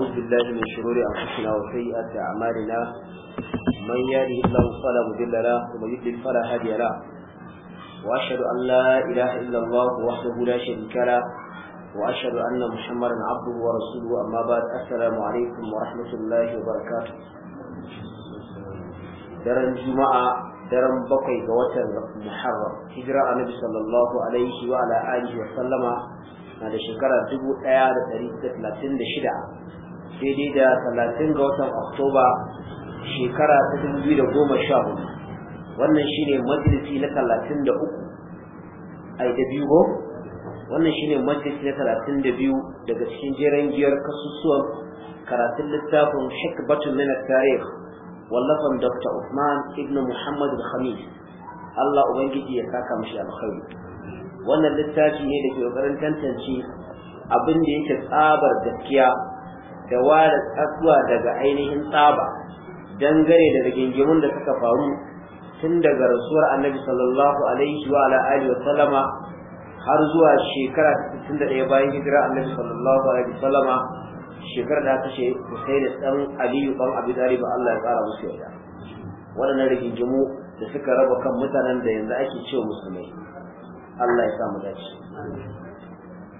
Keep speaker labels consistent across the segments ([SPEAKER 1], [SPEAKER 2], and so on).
[SPEAKER 1] ونعوذ بالله من شرور أنفسنا وسيئات أعمالنا من يهده الله فلا مضل له ومن يضلل فلا هادي له وأشهد أن لا إله إلا الله وحده لا شريك له وأشهد أن محمدا عبده ورسوله أما بعد السلام عليكم ورحمة الله وبركاته daren juma'a daren bakwai ga watan muharram hijira annabi sallallahu alaihi wa ala alihi wa sallama na da shekara 1436 daidai da talatin ga watan oktoba shekara ta dubu da goma sha hudu wannan shine majalisi na talatin da uku a da biyu ko wannan shine majalisi na talatin da biyu daga cikin jeren giyar kasusuwan karatun littafin hikbatun min tarikh wallafan dr usman ibn muhammad al-khamis Allah ubangiji ya saka mashi alkhairi wannan littafi ne da ke kokarin tantance abin da yake tsabar gaskiya da wada tsatsuwa daga ainihin tsaba dangane da rigingimun da suka faru tun daga rasuwar annabi sallallahu alaihi wa ala alihi wa sallama har zuwa shekara 61 bayan hijira annabi sallallahu alaihi wa sallama shekarar da aka ce Husaini dan Aliyu dan Abi Talib Allah ya kara musu yarda wannan rigingimu da suka raba kan mutanen da yanzu ake cewa musulmai Allah ya sa mu dace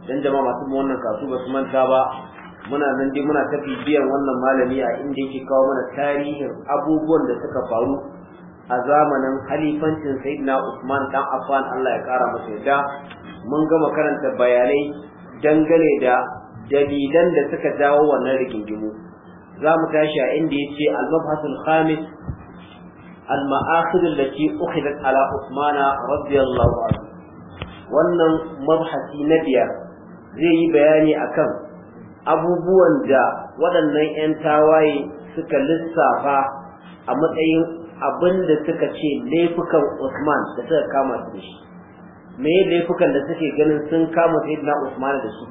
[SPEAKER 1] dan jama'a masu wannan kasu ba su manta ba muna nan dai muna tafi biyan wannan malami a inda yake kawo mana tarihin abubuwan da suka faru a zamanin halifancin sayyidina Usman dan Affan Allah ya kara masa yadda mun gama karanta bayanai dangane da dalilan da suka jawo wannan rigingimu za mu tashi a inda ya ce al-mabhasul khamis al-ma'akhid allati ukhidat ala Usman radiyallahu anhu wannan mabhasi na biyar zai yi bayani akan abubuwan da waɗannan 'yan tawaye suka lissafa a matsayin abin da suka ce laifukan Usman da suka kama su da shi me laifukan da suke ganin sun kama sayyidina Usman da su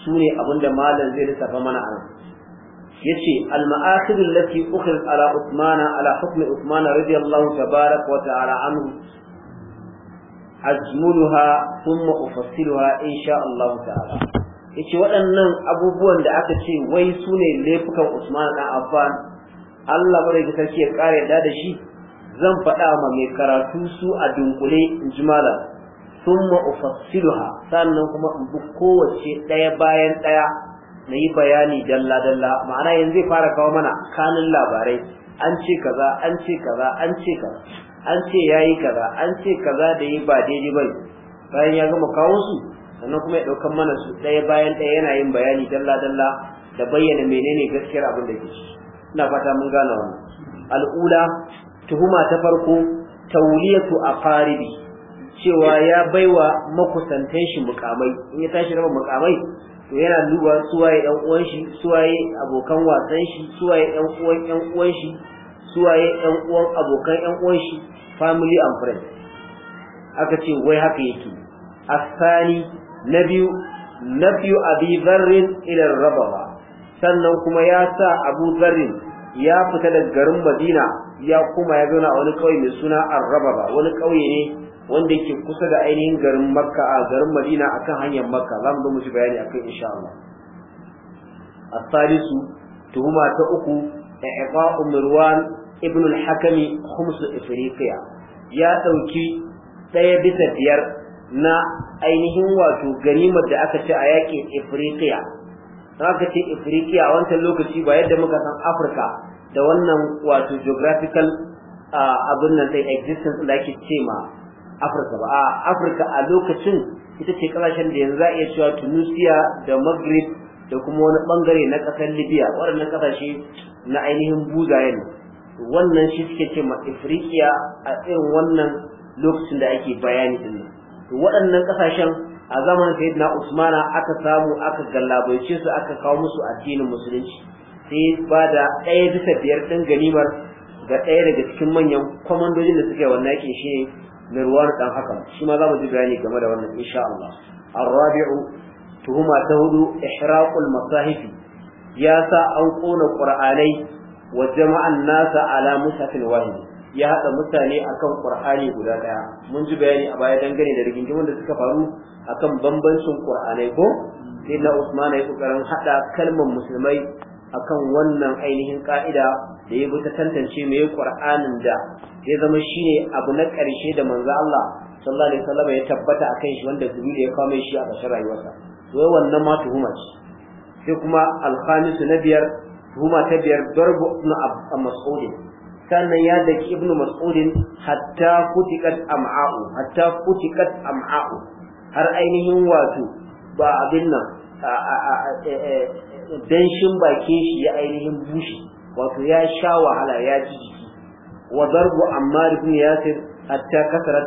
[SPEAKER 1] su ne abin da malam zai lissafa mana a nan yace al-ma'asir allati ukhir ala Usman ala hukm Usman radiyallahu tabarak wa ta'ala anhu ajmulha thumma أفصلها insha Allah ta'ala yace waɗannan abubuwan da aka ce wai su ne laifukan Usman ɗan Affan Allah bare ka sarki ya kare da da shi zan faɗa ma mai karatu su a dunkule in ji malam thumma ufassiluha sannan kuma in bi kowace ɗaya bayan ɗaya na yi bayani dalla dalla ma'ana yanzu zai fara kawo mana kanin labarai an ce kaza an ce kaza an ce kaza an ce yayi kaza an ce kaza da yi ba daidai ba bayan ya gama kawo su sannan kuma ya ɗaukan mana su ɗaya bayan ɗaya yana yin bayani dalla dalla da bayyana menene gaskiyar abin da ke ci ina fata mun gane wannan al'ula tuhuma ta farko tawliyatu faribi cewa ya baiwa makusantan shi mukamai in ya tashi raba mukamai to yana duba suwaye ɗan uwan shi suwaye abokan wasan shi suwaye ɗan uwan ɗan uwan shi suwaye ɗan uwan abokan ɗan uwan shi family and friends aka ce wai haka yake asali na biyu na abi zarrin idan rababa sannan kuma ya sa abuzarin ya fita daga garin madina ya kuma ya zauna a wani ƙauye mai suna arrababa wani ƙauye ne wanda yake kusa da ainihin garin makka a garin madina akan hanyar makka za mu zo mu ji bayani akan insha Allah الثالث تهما تأكو إعطاء مروان ابن الحكم خمس إفريقيا Ya توكي ɗaya bisa biyar na ainihin wato ganimar da aka ce a yakin Za ka ce Ifriqiya wancan lokaci ba yadda muka san Afirka da wannan wato geographical abin nan sai existence da ake ce ma Afirka ba a Afirka a lokacin ita ce kasashen da yanzu za a iya cewa Tunisia da Maghrib da kuma wani bangare na kasar Libya waɗannan kasashe na ainihin buzaye ne wannan shi suke ce ma Ifriqiya a irin wannan lokacin da ake bayani din to waɗannan ƙasashen a zamanin sayyidina usmana aka samu aka gallabaice su aka kawo musu addinin musulunci sai ba da ɗaya bisa biyar ɗin ganimar ga ɗaya daga cikin manyan kwamandojin da suka yi wannan yakin shi ne mirwan ɗan hakan shi ma za mu ji bayani game da wannan insha Allah arrabi'u tuhuma ta hudu ihraqul masahifi ya sa an ƙona qur'anai wa jama'an nasa ala musafin wahidi ya haɗa mutane akan ƙur'ani guda ɗaya mun ji bayani a baya dangane da rigingi da suka faru akan bambancin ƙur'anai. ko sai na Usman ya ƙoƙarin haɗa kalmar musulmai akan wannan ainihin ƙa'ida da ya ta tantance mai Qur'anin da ya zama shine abu na ƙarshe da manzo Allah sallallahu alaihi ya tabbata akan shi wanda da ya kawo shi a ƙarshen rayuwarsa to wannan ma tuhuma ce sai kuma alhamisu na biyar tuhuma ta biyar darbu na Mas'ud sannan ya daki ibnu mas'udin hatta kutikat am'a'u hatta kutikat am'a'u har ainihin wato ba abin nan danshin bakin shi ya ainihin bushe wato ya sha wahala ya ji jiki wa darbu ammar ibn yasir hatta kasarat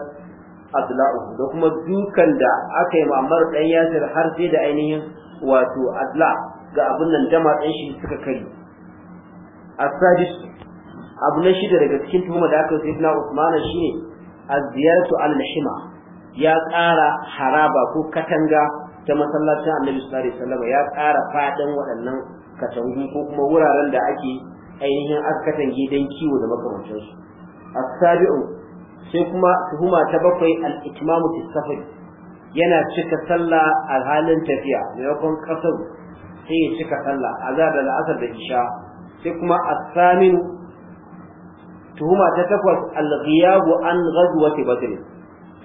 [SPEAKER 1] adla'u da kuma dukan da aka yi ma'amar dan yasir har sai da ainihin wato adla ga abin nan dama ɗin shi suka kai السادس abu na shida daga cikin tuhuma da aka na Usman shine az-ziyaratu al-hima ya tsara haraba ko katanga ta masallacin Annabi sallallahu alaihi wasallam ya tsara fadin waɗannan katangu ko kuma wuraren da ake ainihin askatange gidan kiwo da su as-sabi'u sai kuma tuhuma ta bakwai al-itmamu fi safar yana cika sallah a halin tafiya yakon kasar sai ya cika sallah azhar da la'asar da isha sai kuma as-saminu tuhuma ta takwas al an ghazwati badr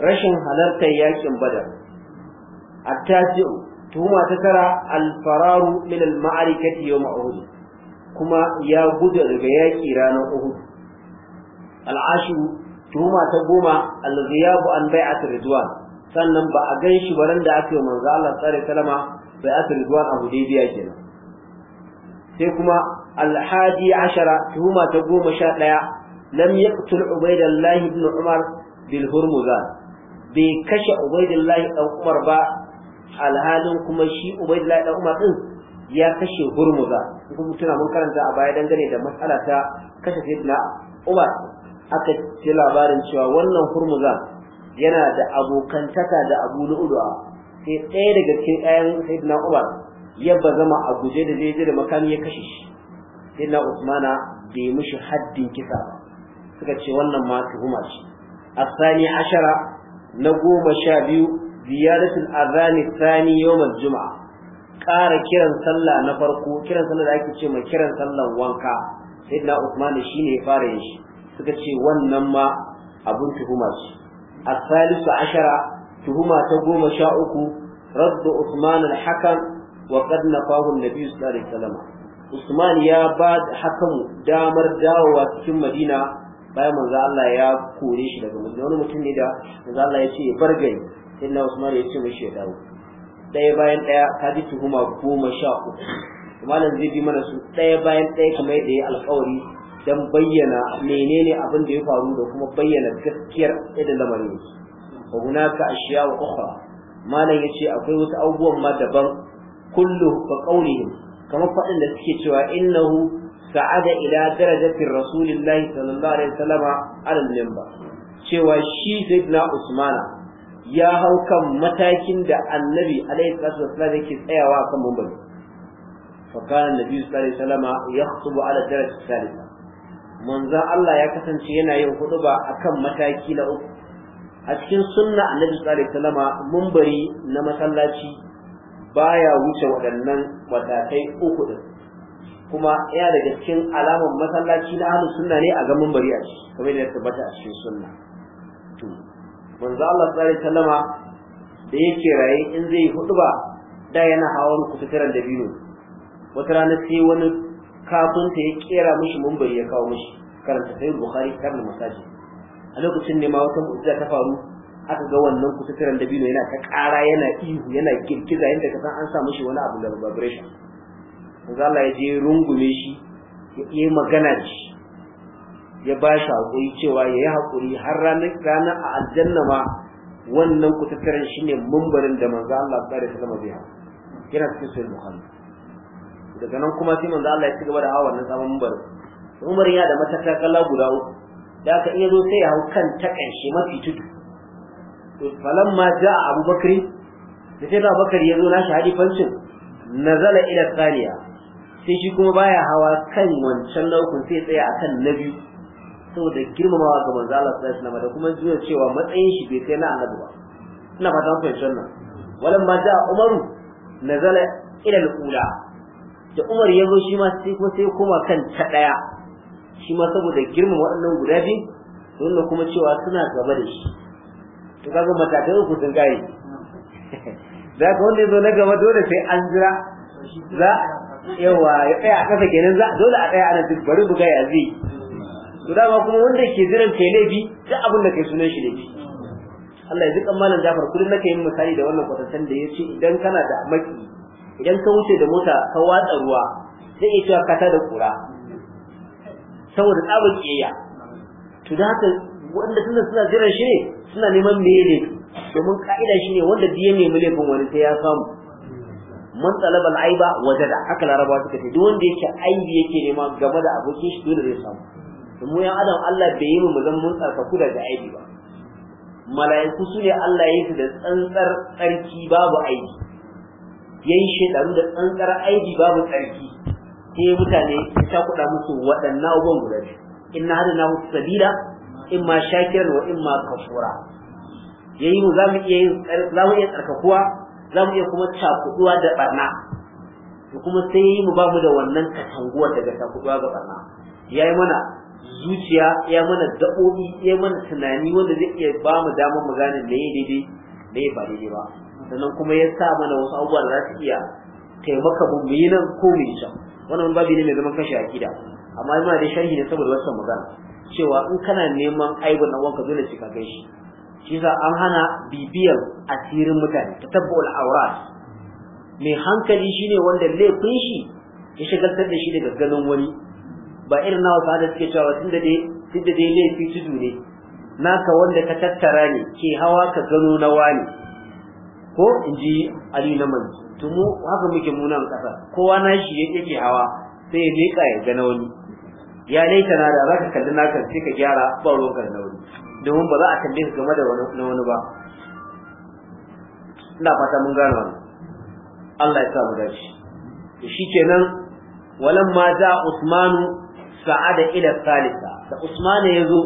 [SPEAKER 1] rashin halartar yakin badar at tuhuma ta tara al-fararu min al yawm uhud kuma ya gudu daga yaki ranar uhud al-ashiru tuhuma ta goma al-ghiyabu an bai'at ridwan sannan ba a gan shi baran da aka yi manzo Allah sallallahu alaihi bai'at ridwan a hudaybiya kenan sai kuma al ashara tuhuma ta goma sha ɗaya lam yaqtul ubaidallahi ibn umar bil hurmuzan bai kashe ubaidallahi dan umar ba alhalin kuma shi ubaidallahi dan umar din ya kashe hurmuza kun tuna mun karanta a baya dangane da matsala ta kashe sayyidina umar aka ji labarin cewa wannan hurmuza yana da abokantaka da abu lu'lu'a sai ɗaya daga cikin ɗayan sayyidina umar ya bazama a guje da zai da makami ya kashe shi sayyidina usmana bai mishi haddin kisa ba suka ce wannan ma tuhuma ce asani ashara na goma sha biyu ziyadatul azani thani yawmal juma'a ƙara kiran sallah na farko kiran sallah ake ce mai kiran sallan wanka sayyidina Usman shine ya fara yin suka ce wannan ma abun tuhuma asalisu ashara tuhuma ta goma sha uku رد عثمان الحكم وقد نفاه النبي صلى الله عليه وسلم Usman ya ba hakan damar dawowa cikin Madina bayan manzo Allah ya kore shi daga mutum wani mutum ne da manzo Allah ya ce ya bar gari inna Usman ya ce mishi ya dawo ɗaya bayan ɗaya ta ji tuhuma goma sha uku malam zai bi mana su ɗaya bayan ɗaya kamar yadda ya alƙawari dan bayyana menene abin da ya faru da kuma bayyana gaskiyar yadda lamarin yake wa hunaka ashiya wa ukhra malam yace akwai wasu abubuwan ma daban kullu fa qawlihim kamar faɗin da suke cewa innahu sa'ada ila darajatin rasulillahi sallallahu alaihi wasallama ala minbar cewa shi sayyidina usmana ya hau kan matakin da annabi alaihi salatu wasallam yake tsayawa kan minbari fa kana annabi sallallahu alaihi wasallama yakhutubu ala darajatin salisa manzon Allah ya kasance yana yin hutuba akan mataki na uku a cikin sunna annabi sallallahu alaihi wasallama na masallaci baya wuce waɗannan matakai uku din kuma yana daga cikin alamar masallaci na ahlus sunna ne a ga mambari a ciki kamar da tabbata a cikin sunna to manzo Allah sallallahu alaihi wasallama da yake raye in zai huduba da yana hawan kututaran da biyu wata rana sai wani ta ya kera mishi mambari ya kawo mishi karanta sai bukhari kan masajid a lokacin ne ma wata mu'jiza ta faru aka ga wannan kututaran da biyu yana ta ƙara yana ihu yana girgiza yadda ka san an sa mishi wani abu da vibration manzo Allah ya je rungume shi ya yi magana shi ya ba shi haƙuri cewa ya yi haƙuri har ranar ranar a aljanna ma wannan kutattaren shi ne mumbarin da manzo Allah tsare ta zama biya kira cikin sai muhammad daga nan kuma sai manzo Allah ya ci gaba da hawa wannan sabon mumbar umar yana da kala guda uku da aka iya zo sai ya hau kan ta ƙarshe mafi tudu falamma ja abubakar da sai da abubakar ya zo na shahadi fancin nazala ila tsariya. sai shi kuma baya hawa kan wancan laukun sai tsaya akan na biyu saboda girmamawa ga manzo Allah sallallahu alaihi da kuma zuwa cewa matsayin shi bai kai na annabi ba ina fata ku nan. wannan walan ma da Umaru nazala ila al-ula da Umar ya shi ma sai kuma sai koma kan ta daya shi ma saboda girmama wannan guda biyu wannan kuma cewa suna gaba da shi to kaga matakan uku sun gaye da ka wanda ya zo na gaba dole sai an jira za yawa ya tsaya a kasa kenan za dole a tsaya ana duk bari buga ya zai to dama kuma wanda ke jiran kai laifi duk abin da kai sunan shi laifi Allah ya jikan malam Jafar kullum nake yin misali da wannan kwatantan da yace idan kana da maki idan ka wuce da mota ka watsa ruwa zai iya cewa ta da kura saboda tsabar kiyayya to da haka wanda suna suna jiran shi ne suna neman meye ne domin ka'ida shi ne wanda biye ne laifin wani sai ya samu man talaba al-aiba wajada haka larabawa suka ce duk wanda yake aibi yake nema game da abokin shi dole zai samu mu yan adam Allah bai yi mu zan mun tsarkaku daga aibi ba mala'iku su ne Allah ya yi da tsantsar tsarki babu aibi yayi shedaru da tsantsar aibi babu tsarki sai mutane ta kuɗa musu waɗannan abubuwan guda biyu inna hadana hu sabila imma shakir wa imma kafura yayi mu zamu iya yin zamu iya tsarkakuwa za mu iya kuma cakuduwa da barna da kuma sai yi mu ba mu da wannan katanguwar daga cakuduwa ga barna ya yi mana zuciya ya mana gaɓoɓi ya mana tunani wanda zai iya ba mu damar mu gane me daidai me ba daidai ba sannan kuma ya sa mana wasu abubuwa da za su iya taimaka mu mu yi nan ko mu yi can wannan babi ne mai zaman kashe akida amma yana da sharhi ne saboda wasu magana cewa in kana neman aibun nan wanka dole sai ka gaishe shi yasa an hana bibiyar asirin mutane tatabbu'ul aura mai hankali shine wanda laifin shi ya shagaltar da shi daga ganin wani ba irin na wasu suke cewa tunda dai tunda dai laifi tudu ne naka wanda ka tattara ne ke hawa ka gano na wani ko in ji Ali na manzo to mu haka muke a kasa kowa na shi yake hawa sai ya leƙa ya gana wani ya laita na da zaka kalli naka sai ka gyara ba ruwan kan domin ba za a tambaye ka game da wani ba ina fata mun gano wannan Allah ya sa mu dace to shikenan ma za Usmanu sa'ada ila salisa da Usman ya zo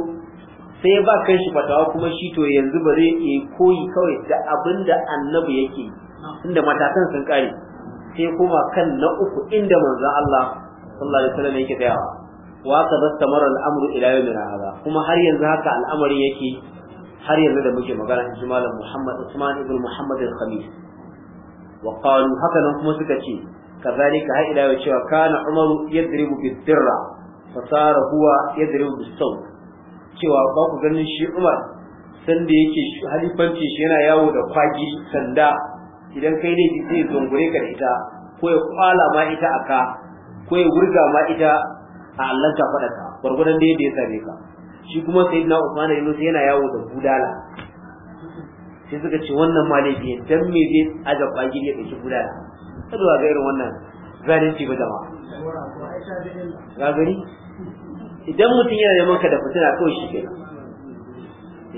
[SPEAKER 1] sai ba kan shi fatawa kuma shi to yanzu ba zai yi koyi kawai da abinda annabi yake inda matakan sun kare sai kuma kan na uku inda manzon Allah sallallahu alaihi wasallam yake tsayawa wa ka zasta mara al'amuru ila yau min hada kuma har yanzu haka al'amarin yake har yanzu da muke magana in ji malam muhammad usman ibn muhammad al-khamis wa qalu haka nan kuma suka ce kazalika har ila yau cewa kana umaru yadribu bid-dirra fa sara huwa yadribu bis-sawt cewa ba ku ganin shi umar sanda yake halifanci shi yana yawo da kwagi sanda idan kai ne sai ya zungure ka da ita ko ya kwala ma ita aka ko ya wurga ma ita a Allah ka faɗa ka gwargwadon da yadda ya same ka shi kuma sayyidina Usman ibn Yunus yana yawo da budala sai suka ce wannan ma laifi dan me zai aga kwagi ya dauki budala kada ga irin wannan zalunci ba jama'a ga gari idan mutum yana neman ka da fitina kawai shi kenan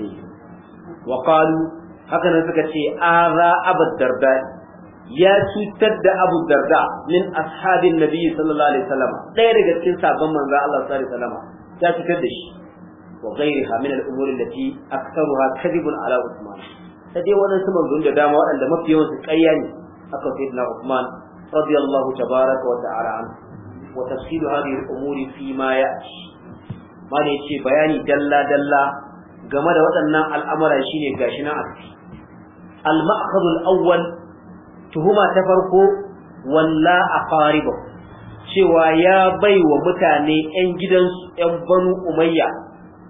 [SPEAKER 1] eh. wa qalu haka nan suka ce aza abad dardai ya cutar da Abu Darda min ashabin Nabi sallallahu alaihi wasallam ɗaya daga cikin sabon manzo Allah sallallahu alaihi wasallam ya cutar da shi wa ghayriha min al-umuri allati aktharuha kadhibun ala Uthman sai dai wannan su da dama waɗanda mafi yawan su ƙarya ne akan sayyidina Uthman radiyallahu tabaraka wa ta'ala anhu wa tafsir hadhihi al-umuri fi ma ya'ti ma ne yace bayani dalla dalla game da waɗannan al'amura shine gashi nan a ciki al-ma'khadh al-awwal tuhuma ta farko walla aqaribu cewa ya baiwa mutane yan gidansu yan banu umayya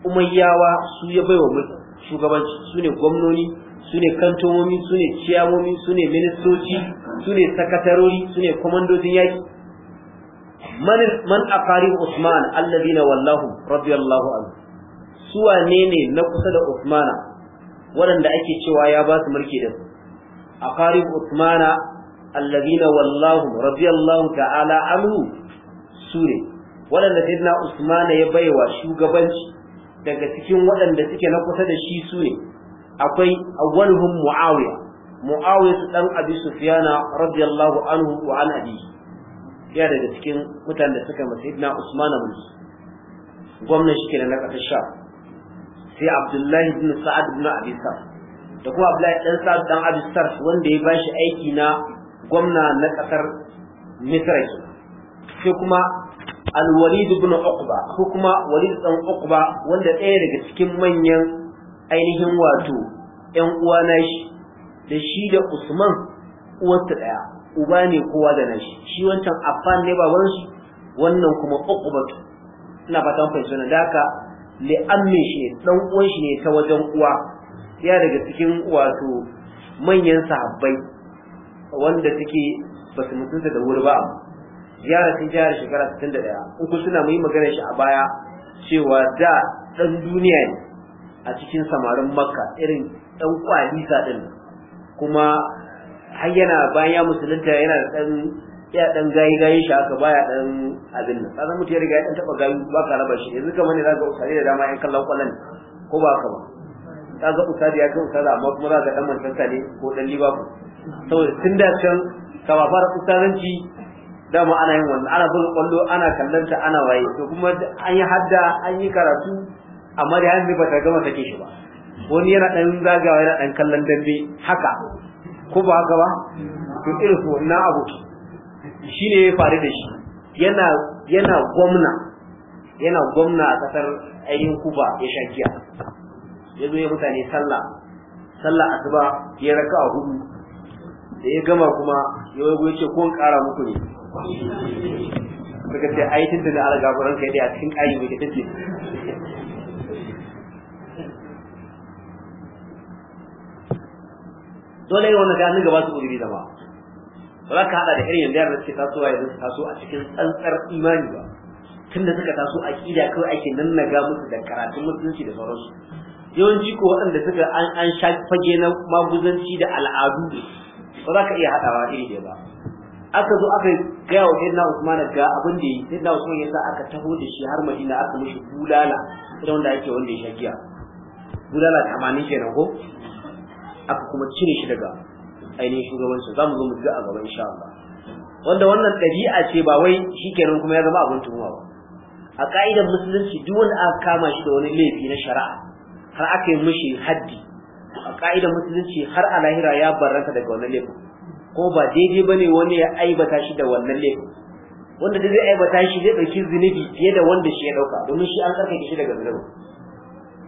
[SPEAKER 1] umayyawa su ya baiwa shugabanci su ne gwamnoni su ne kantomomi su ne ciyamomi su ne ministoci su ne sakatarori su ne kwamandojin yaki man a farin usman na wallahu radiyallahu anhu su ne ne na kusa da usmana waɗanda ake cewa ya ba su mulki da su aqarib usmana alladhina wallahu radiyallahu ta'ala anhu sune waɗanda sayyidina usmana ya baiwa shugabanci daga cikin waɗanda suke na kusa da shi sune akwai awwaluhum muawiya muawiya dan abi sufyana radiyallahu anhu wa an abi ya daga cikin mutanen da suka masa sayyidina usmana mulki gwamnati shi kenan na ƙasar sha sai abdullahi ibn sa'ad ibn abi sa'ad da kuma Abdullahi ɗan sa dan Abi Sars wanda ya bashi aiki na gwamna na ƙasar Misra sai kuma Al-Walid ibn Uqba ko kuma Walid ɗan Uqba wanda ɗaya daga cikin manyan ainihin wato ƴan uwa na shi, da shi da Usman uwarta ɗaya uba ne kowa da nashi shi wancan Affan ne babansu wannan kuma Uqbatu ina fatan fahimci da haka li'ammin shi ne dan uwan shi ne ta wajen uwa ya daga cikin wato manyan sahabbai wanda suke ba mutunta da wuri ba ziyara sun jihar shekara 61 uku suna muyi magana shi a baya cewa da dan duniya ne a cikin samarin makka irin dan kwalisa din kuma har yana bayan ya musulunta yana da dan ya dan gayi gayi shi haka baya dan abin nan sai mutum ya riga ya dan taba gayi ba ka raba shi yanzu kamar ne zaka usare da dama ya kallon kwallon ko ba ka ba kaga ustadi ya kai da, amma kuma za ka dan mantansa ne ko dan ko saboda tun da can ka ba fara ustadanci dama ana yin wannan ana buga kwallo ana kallanta ana waye to kuma an yi hadda an yi karatu amma da yanzu ba ta gama take shi ba wani yana dan zagawa yana dan kallon dambe haka ko ba haka ba to irin su wannan abu shine ya faru da shi yana yana gwamna yana gwamna a kasar ayin kuba ya sha ya zo ya mutane sallah sallah asuba ya raka a hudu da ya gama kuma ya wago ya ce ko in kara muku ne suka ce ai tun da ala gaburan kai dai a cikin ƙari mai ta ce dole yawan ga ni gaba su kudiri da ba ba za ka hada da irin yadda yadda suke tasowa yanzu su taso a cikin tsantsar imani ba tunda suka taso a kida kawai na ga musu da karatun mutunci da sauransu yawanci ko waɗanda suka an sha fage na maguzanci da al'adu ba za ka iya haɗawa iri da ba aka zo aka gaya wa sayyidina Usman ga abin da yi sayyidina Usman yasa aka taho da shi har Madina aka mishi bulala irin wanda ake wanda ya sha giya bulala 80 kenan ko aka kuma cire shi daga ainihin shugabancin za mu zo mu ga a gaban insha Allah wanda wannan ɗabi'a ce ba wai shikenan kuma ya zama abin tuhuma ba a ka'idar musulunci duk wanda aka kama shi da wani laifi na shari'a har aka yi mushi, haddi a ka'idar musulunci har a lahira ya barranta daga wannan laifin ko ba daidai ba ne wani ya aibata shi da wannan laifin wanda zai aibata shi zai ɗauki zunubi fiye da wanda shi ya ɗauka domin shi an tsarkake shi daga zunubi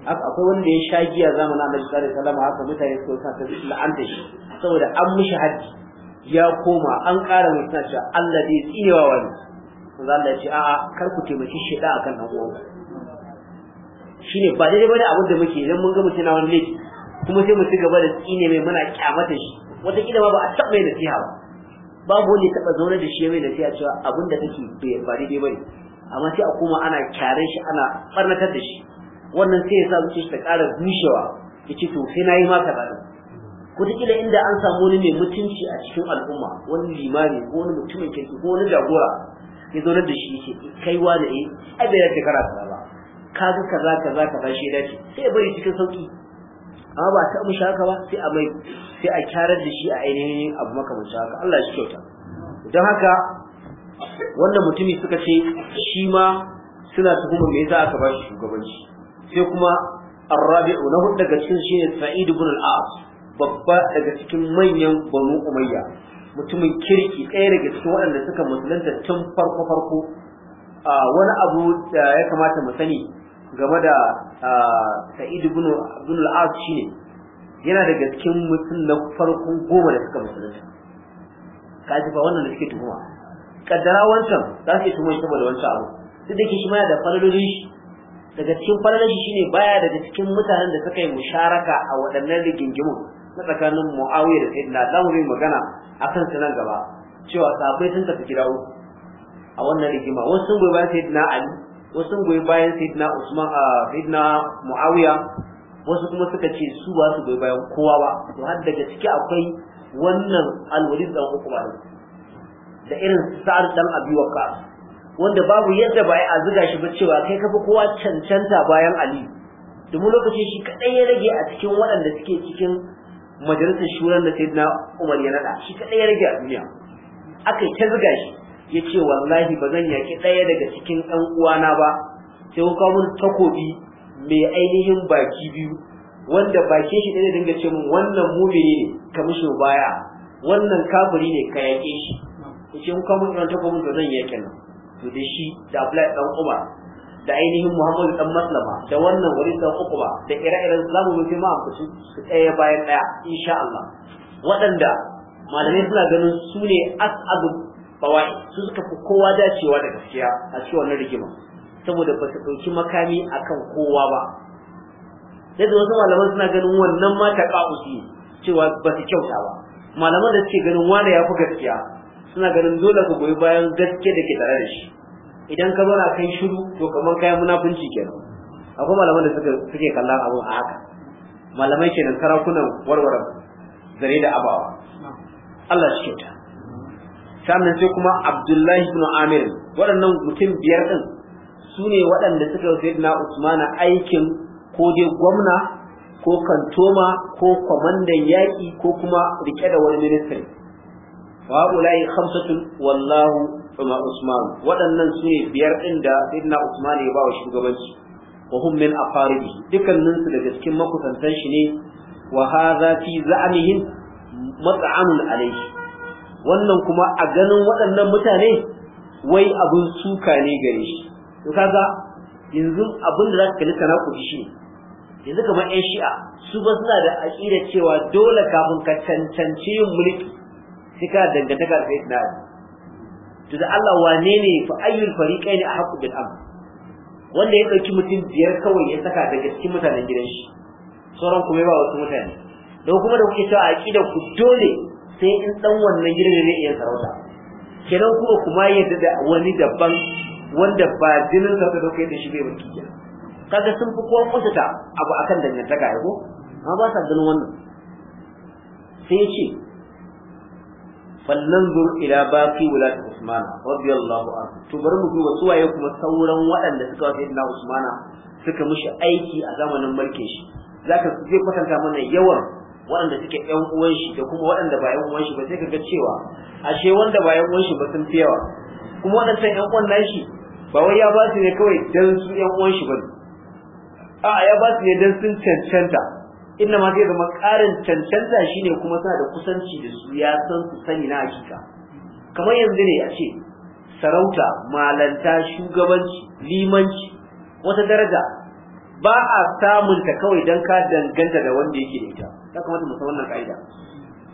[SPEAKER 1] haka akwai wanda ya sha giya zamanin annabi sallallahu alaihi wasallam haka mutane su sa ta la'anta shi saboda an mushi haddi ya koma an ƙara mai suna cewa Allah zai tsinewa wani manzo Allah ya ce a'a kar ku taimaki shida akan dan uwanka. shine ba daidai bane abin da muke idan mun ga mutum na wani laifi kuma sai mu ci gaba da tsine mai muna kyamata shi wata kila ba a taɓa mai nasiha ba babu wanda ya taɓa zaune da shi mai nasiha cewa abin da kake ba daidai bane amma sai a koma ana kyare shi ana barnatar da shi wannan sai ya sa zuciya ta ƙara bushewa ce to sai nayi ma kaza wataƙila inda an samu wani mai mutunci a cikin al'umma wani limami ko wani mutumin kirki ko wani jagora ya zo da shi yake kaiwa da eh ai bai yarda karatu kaga kaza kaza kaza shi dace sai ya bari cikin sauki amma ba ta mishi haka ba sai a mai sai a kyarar da shi a ainihin abu maka makamancin haka Allah shi kyauta don haka wannan mutumi suka ce shi ma suna tuhuma me yasa ka bashi shugabanci sai kuma arrabi'u na hudu daga cikin shine sa'id ibn al-as babba daga cikin manyan banu umayya mutumin kirki ɗaya daga cikin waɗanda suka musulunta tun farko farko ah, wani abu da ya kamata mu sani game da ah, sa'id ibn al-as shine yana daga cikin mutum na farkon goma da suka musulunta ka ji wannan da suke tuhuma kaddara wancan za su yi tuhuma saboda wancan abu duk da ke shi ma da falalolin shi daga cikin falalolin shi shine baya daga cikin mutanen da suka yi musharaka a waɗannan rigingimu na tsakanin muawiya da sayyidina za mu yi magana akan su nan gaba cewa sabai sun tafi gida uku a wannan rigima wasu sun goyi bayan sayyidina ali wasu goyi bayan sayyidina Usman a ah, sayyidina Muawiya wasu kuma suka ce su ba su goyi bayan kowa ba to har daga ciki akwai wannan alwalid dan hukuma da irin sa'ar dan abi waka wanda babu yadda ba a zuga shi ba cewa kai kafa kowa cancanta bayan Ali domin lokacin shi kadai ya rage a cikin waɗanda suke cikin majalisar shuran da sayyidina Umar ya nada shi kadai ya rage a duniya aka ta zuga shi ya ce wallahi ba zan yaƙi ɗaya daga cikin ɗan uwana ba sai ko kawo takobi mai ainihin baki biyu wanda bakin shi ɗaya dinga ce min wannan mumini ne ka mishi baya wannan kafiri ne ka yaƙe shi sai ko kawo ɗan takobin da zan yake nan to da shi da Abdullahi dan Umar da ainihin Muhammadu dan Maslama da wannan wani dan Uqba da ire-iren zamu mu ma ambaci su ɗaya bayan ɗaya insha Allah waɗanda malamai suna ganin su ne as'abu fawai su suka fi kowa dacewa da gaskiya a cikin wannan rigima saboda ba su ɗauki makami akan kowa ba yadda wasu malaman suna ganin wannan ma ta ƙa'usi cewa ba su kyauta ba malaman da suke ganin wani ya fi gaskiya suna ganin dole ka goyi bayan gaske da ke tare da shi idan ka zauna kai shiru to kamar kayan munafunci kenan akwai malaman da suke kallon abun a haka malamai kenan sarakunan warware zare da abawa Allah shi kyauta sannan sai kuma abdullahi ibn amir waɗannan mutum biyar ɗin su ne waɗanda suka yi na usmana aikin ko dai gwamna ko kantoma ko kwamandan yaƙi ko kuma rike da wani ministry wa'ulai khamsatun wallahu kuma usman waɗannan su ne biyar ɗin da sayyidina usman ya ba wa shugabanci wa hum min aqaribi dukkanin su daga cikin makusantan shi ne wa hadha fi za'mihim mat'amun alayhi wannan kuma a ganin waɗannan mutane wai abin suka ne gare shi to kaga yanzu abin da za ka kalli kana ku shi yanzu kamar yan shi'a su ba suna da aƙida cewa dole kafin ka cancanci yin mulki sai ka dangantaka da sai na to da Allah wane ne fa ayyul fariqaini ahqqu bil amr wanda ya dauki mutum biyar kawai ya saka daga cikin mutanen gidan shi sauran kuma ba wasu mutane da kuma da kuke cewa aqidar ku dole sai in dan wannan gidan ne iya sarauta kenan kuma kuma yadda da wani daban wanda ba jinin sa ta dauke da shi bai baki kaga sun fi kowa kusuta abu akan dangantaka daga ko amma ba sa ganin wannan sai ce فلننظر ila باقي ولاد عثمان رضي الله to bari mu duba su waye kuma sauran waɗanda suka wa sayyidina Usmana suka mishi aiki a zamanin mulkin shi zaka zai kwatanta mana yawan waɗanda suke ƴan uwan shi da kuma waɗanda ba ƴan uwan shi ba sai ka ga cewa ashe wanda ba ƴan uwan shi ba sun fi yawa kuma waɗannan ƴan uwan nashi ba wai ya ba su ne kawai dan su ƴan uwan shi ba a'a ya ba su ne dan sun cancanta inna ma zai zama ƙarin cancanta shine kuma sa da kusanci da su ya san su sani na hakika kamar yanzu ne a ce sarauta malanta shugabanci limanci wata daraja ba a samunta kawai don ka danganta da wanda yake da ita ya kamata mu san wannan ka'ida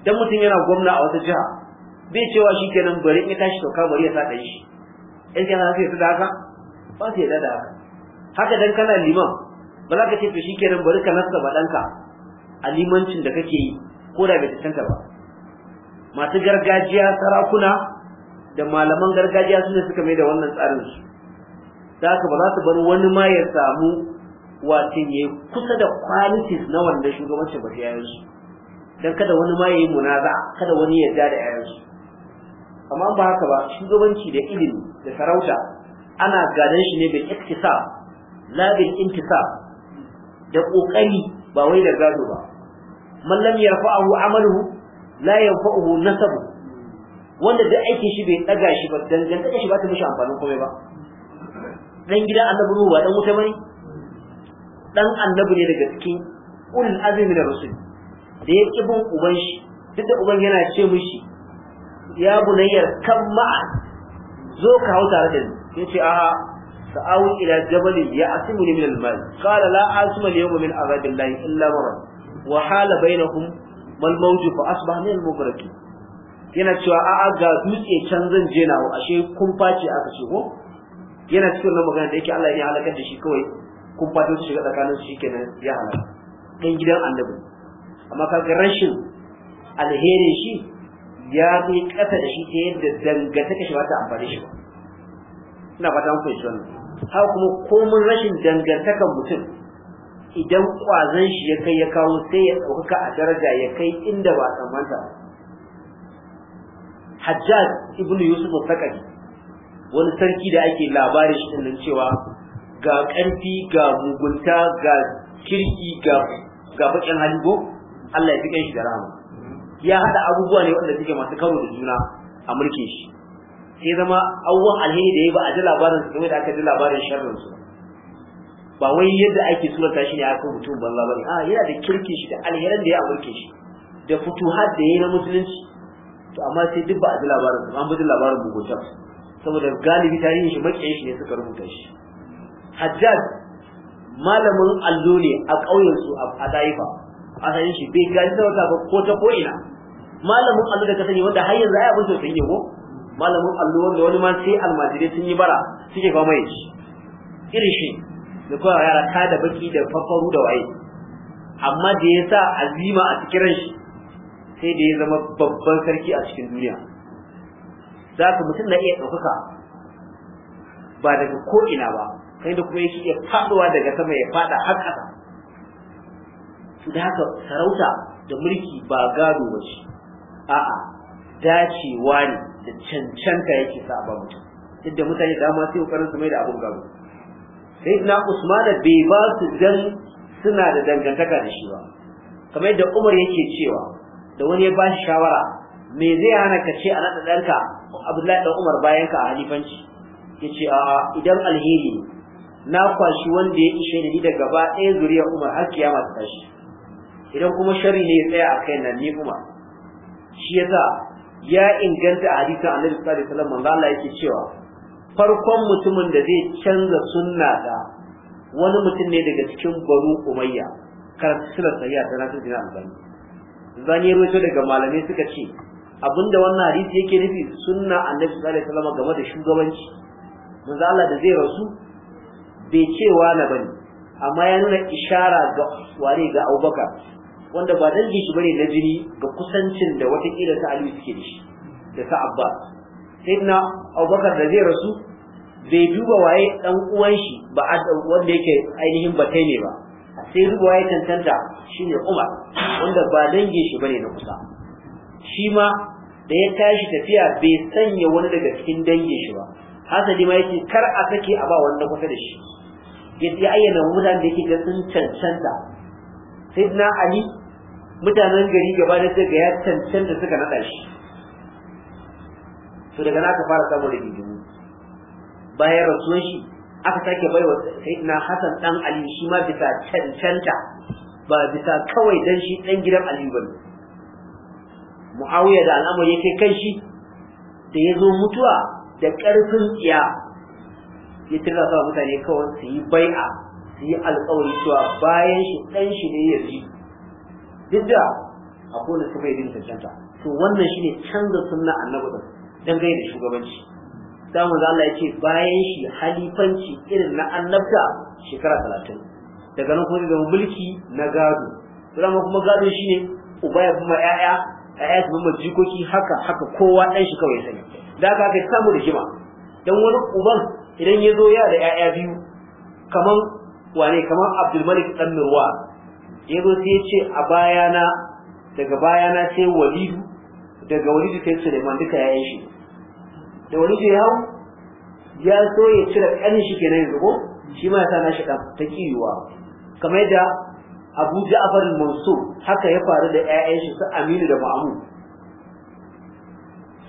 [SPEAKER 1] dan mutum yana gwamna a wata jiha bai cewa shi kenan bari in tashi tashi sauka bari ya sa shi in ka haka ya da haka ba su yadda da haka haka dan kana liman ba za ka ce to shi kenan bari ka nasa ba ɗanka a limancin da kake yi ko da bai cancanta ba masu gargajiya sarakuna da malaman gargajiya su ne suka mai da wannan tsarin su da haka ba za su bar wani ma ya samu wato ya kusa da qualities na wanda shugabancin ba ya su dan kada wani ma yayi munaza kada wani ya da yayansu amma ba haka ba shugabanci da ilimi da sarauta ana gadan shi ne bil iktisa la bil intisa da kokari ba wai da gado ba man lam yarfa'ahu amaluhu la yanfa'uhu nasabu wanda da aikin shi bai daga shi ba dangantaka shi ba ta mishi amfanin komai ba dan gida annabi ba dan wuta bane dan annabi ne daga cikin ul azmi na rusul da ya ki bin uban shi duk da uban yana ce mishi ya bunayyar kan ma'a zo ka hau tare da ni yace a'a sa'awu ila jabal ya'simuni min al-mal qala la asma al-yawma min azabillahi illa mar wa hala bainahum mal mawju fa asbah min al yana cewa a'a ga dutse can zan je nawo ashe kun face aka ce ko yana cikin wannan magana da yake Allah ya halaka da shi kawai kun fata su shiga tsakanin su nan ya halaka dan gidan annabi amma kaga rashin alherin shi ya kai kasa da shi ta yadda dangantaka shi ba ta amfani shi ba ina fata mun fahimci wannan haka kuma komun rashin dangantakan mutum idan kwazon shi ya kai ya kawo sai ya ɗaukaka a daraja ya kai inda ba tsammanta Hajjaj ibn Yusuf al wani sarki da ake labarin shi nan cewa ga ƙarfi ga mugunta ga kirki ga ga bakin hali ko Allah ya fi shi da rahama ya hada abubuwa ne wanda suke masu karo da juna a mulkin shi sai zama awon alheri da ya ba a ji labarin su kamar da aka ji labarin sharrin su ba wai yadda ake surata shi ne aka mutum banza bane a yana da kirki shi da alheran da ya mulkin shi da futuhat da ya na musulunci to amma sai duk ba a ji labarin su an bi labarin mugunta saboda galibi tarihin shi makiyayin shi ne suka rubuta shi hajjaj malamin allo ne a ƙauyen su a daifa a sanin shi bai gani da wata ba ko ta ko malamin allo da ka sani wanda har yanzu ai abin sosai ne ko malamin allo wanda wani ma sai almajirai sun yi bara suke fama ya shi irin shi da kowa yara ta da baki da faffaru da waye amma da ya sa azima a cikin ran shi sai da ya zama babban sarki a cikin duniya za ka mutum na iya ɗaukaka ba daga ko'ina ba da kuma yake iya faɗuwa daga sama ya faɗa har ƙasa haka sarauta da mulki ba gado ba ce a'a dacewa ne da cancanta yake sa ba mutum yadda mutane dama sai kokarin su mai da abun gado sai na usmana bai ba su dan suna da dangantaka da shi ba kamar yadda Umar yake cewa da wani ya ba shi shawara me zai hana ka ce a naɗa ɗanka Abdullahi ɗan Umar bayan ka a halifanci yace a idan alheri na kwashi wanda ya ishe ni da gaba ɗaya zuriya Umar har kiyama ta tashi idan kuma shari ne ya tsaya a kai nan ni Umar shi yasa ya inganta a hadisin Annabi sallallahu alaihi wasallam Allah yake cewa farkon mutumin da zai canza sunna da wani mutum ne daga cikin baro Umayya karatu sura sayya ta rasul dina albani zani ya daga malamai suka ce abinda wannan hadisi yake nufi sunna Annabi sallallahu alaihi wasallam game da shugabanci manzo Allah da zai rasu bai ce ba bane amma ya nuna ishara ga ware ga abubakar wanda ba dangi shi bane na jini ga kusancin da watakila ta aliyu suke da shi da ta abba sai na abubakar da zai rasu bai duba waye dan uwan shi ba wanda yake ainihin kai ne ba sai duba waye tantanta shine umar wanda ba dangi shi bane na kusa shi ma da ya tashi tafiya bai sanya wani daga cikin dangin shi ba hasali ma yake kar a sake a ba wanda kusa da shi ce ayyana mutanen da yake ga sun cancanta Sai na ali mutanen gari gaba da suka ya cancanta suka nada shi to daga na ka fara samun da gidi bayan rasuwan shi aka sake baiwa na hasan dan ali shi ma bisa cancanta ba bisa kawai dan shi dan gidan ali ba muawiya da al'amari yake kai shi da ya zo mutuwa da ƙarfin iya ya tirza sa mutane kawai su yi bai'a su yi alƙawari cewa bayan shi ɗan shi ne ya ji duk da a kowane su bai bin cancanta to wannan shi ne canza sunna annabi don dangane da shugabanci samun za Allah ya ce bayan shi halifanci irin na annabta shekara talatin daga nan kuma daga mulki na gado dama kuma gado shine uba ya bi 'ya'ya 'ya'ya su bi ma jikoki haka haka kowa ɗan shi kawai ya sani da aka kai samu rigima dan wani uban idan ya zo ya da 'ya'ya biyu kaman wane kaman Malik dan Mirwa ya zo sai ya ce a bayana daga bayana sai Walidu daga Walidu sai Suleiman duka yayin shi da Walidu ya hau ya so ya cire ƙanin shi kenan yanzu ko shi ma ya sa nashi ta kiyuwa kamar yadda Abu Ja'far Mansur haka ya faru da 'ya'yan shi su Aminu da Ma'mun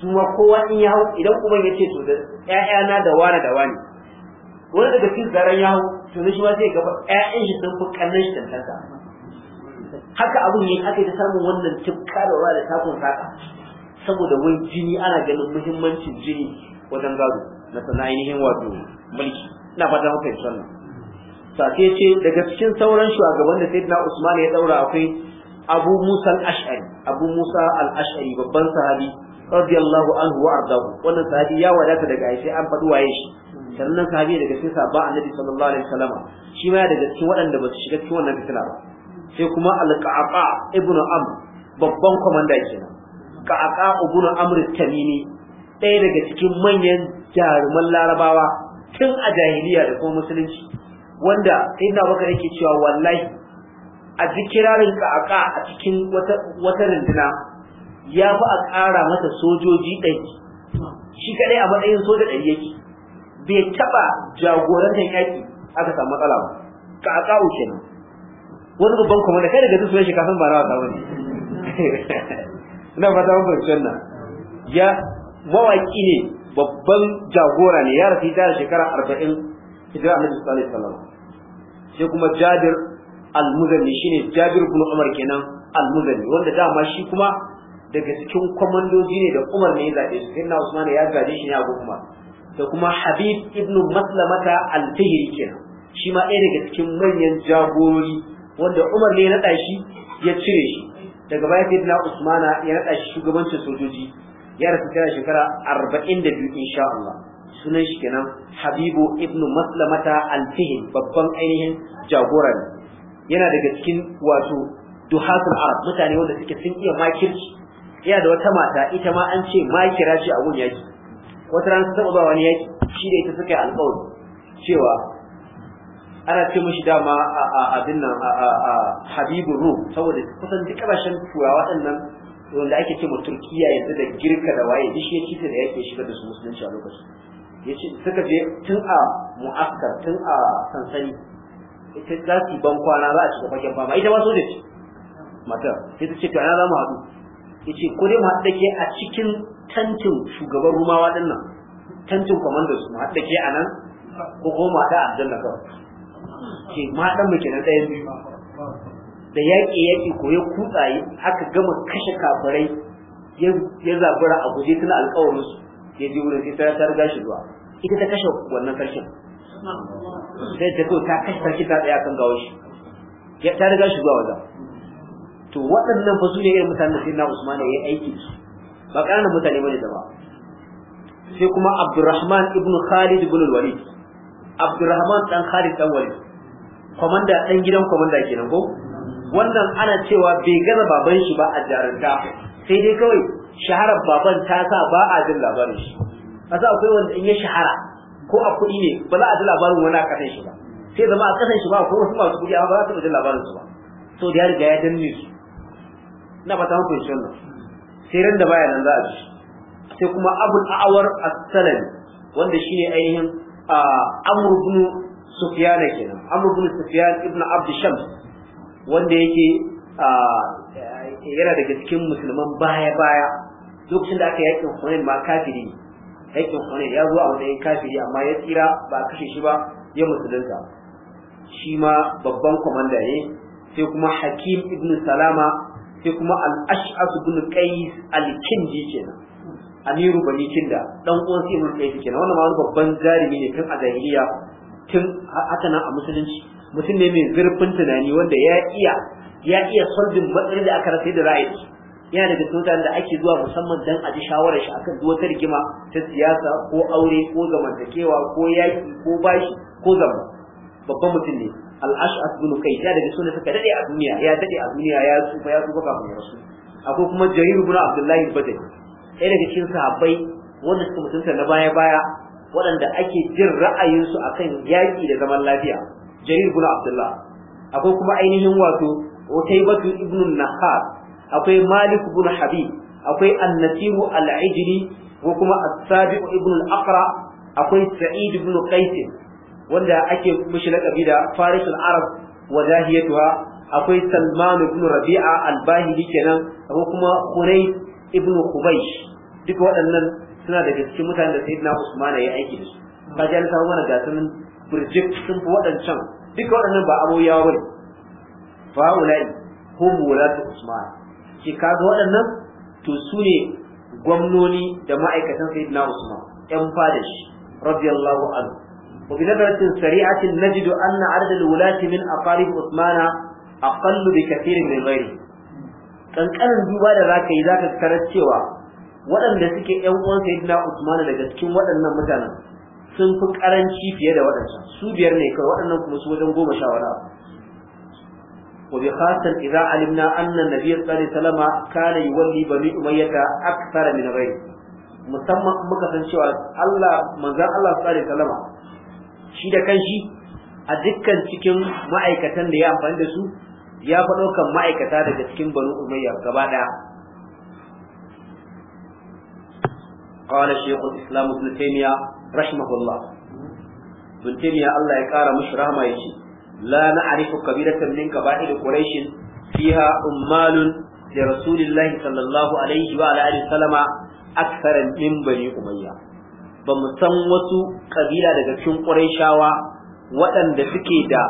[SPEAKER 1] su ma kowa in ya hau idan kuma ya ce to da ƴaƴana da wani da wani wani daga cikin zaren ya hau to ne shi ma zai gaba ƴaƴan shi sun fi kallon shi tantanta haka abun yayi aka yi ta samun wannan tukka da wa da takun saka saboda wai jini ana ganin muhimmancin jini wajen gado na sana ainihin wato mulki ina fata muka yi sannan sake ce daga cikin sauran shugaban da sayyidina Usman ya daura akwai Abu Musa al-Ash'ari Abu Musa al-Ash'ari babban sahabi radiyallahu anhu wa ardahu wannan sahabi ya wadata daga ai sai an faɗi waye shi sannan sahabi daga cikin sahaba annabi sallallahu alaihi wasallam shi ma daga cikin waɗanda ba su shiga cikin wannan fitila ba sai kuma al ibnu amr babban komanda kenan qa'qa ibnu amr tamimi ɗaya daga cikin manyan jaruman larabawa tun a jahiliya da kuma musulunci wanda sayyidina baka yake cewa wallahi a zikirarin qa'qa a cikin wata wata ya fi a ƙara masa sojoji ɗari shi kaɗai a matsayin soja ɗari yake bai taɓa jagorantar yaƙi aka samu matsala ba ka a ƙawo kenan wani babban da kai daga duk shi kafin ba wata wani ina fata mun fahimci nan ya mawaƙi ne babban jagora ne ya rasu da shekara arba'in hijira annabi sallallahu alaihi wasallam sai kuma jabir al-muzani shine jabir ibn umar kenan al-muzani wanda dama shi kuma daga cikin kwamandoji ne da Umar ne ya zaɓe su Usman ya zaɓe shi ne a Umar da kuma Habib ibn Maslamata al-Fihri kenan shi ma ɗaya daga cikin manyan jagori. wanda Umar ne ya naɗa shi ya cire shi daga baya sayyidina Usman ya naɗa shi shugabancin sojoji ya rasu tana shekara 42 insha Allah sunan shi kenan Habibu ibn Maslamata al-Fihri babban ainihin jagora ne yana daga cikin wato duhatul arab mutane wanda suke sun iya makirci yana da wata mata ita ma an ce ma kira shi a gun yaki wata ran taɓa zuwa wani yaki shi da ita suka yi alƙawari cewa ana ce mishi dama a abin nan a habibu rum saboda kusan duk ƙasashen turawa waɗannan wanda ake ce mu turkiya yanzu da girka da waye shi ya cita da yake shigar da su musulunci a lokacin ya ce suka je tun a mu'askar tun a sansani ita za su yi ban kwana za a ci fagen fama ita ma soja ce matar sai ta ce to ana za mu haɗu yace ko dai mu haɗa ke a cikin tantin shugaban rumawa din nan tantin kwamandan su mu haɗa ke a nan ko ko mu haɗa aljanna kawai ke mu haɗa mu kenan ɗayan biyu da yaƙi yaƙi ko ya kutsa aka gama kashe kafirai ya zabura a guje tun alƙawarin su ya ji wurin sai ta riga shi zuwa ita ta kashe wannan sarkin sai ta ta kashe sarki ta tsaya kan gawo shi ya ta riga shi zuwa wajen to waɗannan fa su ne irin mutanen sayyidina Usman ya aiki su ba ƙananan mutane bane da ba sai kuma Abdurrahman ibn Khalid ibn Walid Abdurrahman dan Khalid dan Walid komanda dan gidan komanda kenan ko wannan ana cewa bai gaza baban shi ba a jarunta sai dai kawai shaharar baban ta sa ba a jin labarin shi kasa akwai wanda in ya shahara ko a kuɗi ne ba za a ji labarin wani a ƙasan shi ba sai zama a ƙasan shi ba ko wasu masu kuɗi amma ba za su ji labarin su ba so da ya riga ya danne su na fata mun fahimci wannan sai ran da baya nan za a ci sai kuma abul awar as-salami wanda shine ainihin amr ibn sufyan kenan amr ibn sufyan ibn abd shams wanda yake yana daga cikin musulman baya baya lokacin da aka yakin hunain ma kafiri yakin hunain ya zo a wani kafiri amma ya tsira ba kashe shi ba ya musulunta shi ma babban kwamanda ne sai kuma hakim ibn salama sai kuma al-ash'as ibn qais al-kindi kenan amiru bani kinda dan uwan sai mun kai kenan wannan ma wani babban jarumi ne tun a jahiliya tun haka nan a musulunci mutum ne mai zurfin tunani wanda ya iya ya iya solving matsalar da aka rasa da ra'ayi yana daga cikin da ake zuwa musamman dan a ji shawarar shi akan duk wata rigima ta siyasa ko aure ko zamantakewa ko yaki ko bashi ko zamba babban mutum ne al-ash'ab bin kayda daga sunan suka dade a duniya ya dade a duniya ya tsufa ya tsufa kafin ya rasu akwai kuma jarir bin abdullahi badai ɗaya daga cikin sahabbai wanda suka mutunta na baya baya waɗanda ake jin ra'ayinsu kan yaƙi da zaman lafiya jarir bin abdullah akwai kuma ainihin wato yi utaybatu ibn nahar akwai malik bin habib akwai annasiru al-ijli ko kuma as-sabiq ibn al-aqra akwai sa'id ibn qais wanda ake mishi laƙabi da farisul arab wa zahiyatuha akwai salman ibn rabi'a al-bahili kenan ko kuma hurai ibn hubaysh duk waɗannan suna daga cikin mutanen da sayyidina usman ya aiki da su kaji ta wannan mana sun project sun fi waɗancan duk waɗannan ba abubuwa fa ulai hum wulatu usman ki kaga waɗannan to su ne gwamnoni da ma'aikatan sayyidina usman yan fadashi radiyallahu anhu وبنظرة سريعة نجد أن عدد الولاة من أقارب عثمان أقل بكثير من غيره كان كان duba da zaka yi zaka karar cewa waɗanda suke ƴan uwan sayyidina Usman daga cikin waɗannan mutanen sun fi karanci fiye da waɗansu su biyar ne kai waɗannan kuma su wajen goma sha wani wa bi khasan idza alimna anna nabiy sallallahu alaihi wasallam kana yuwalli bani umayyah akthara min ghayri musamman muka san cewa Allah manzon Allah sallallahu alaihi wasallam shi da kanshi a dukkan cikin ma'aikatan da ya amfani da su ya fa ɗaukan ma'aikata daga cikin banu umayya gaba ɗaya قال شيخ الإسلام ابن تيمية رحمه الله ابن تيمية الله يقار مش رحمه يشي لا نعرف كبيرة من كبائر قريش فيها أمال لرسول الله صلى الله عليه وعلى آله وسلم أكثر من بني أمية ba mu san wasu kabila daga cikin ƙurayshawa waɗanda suke da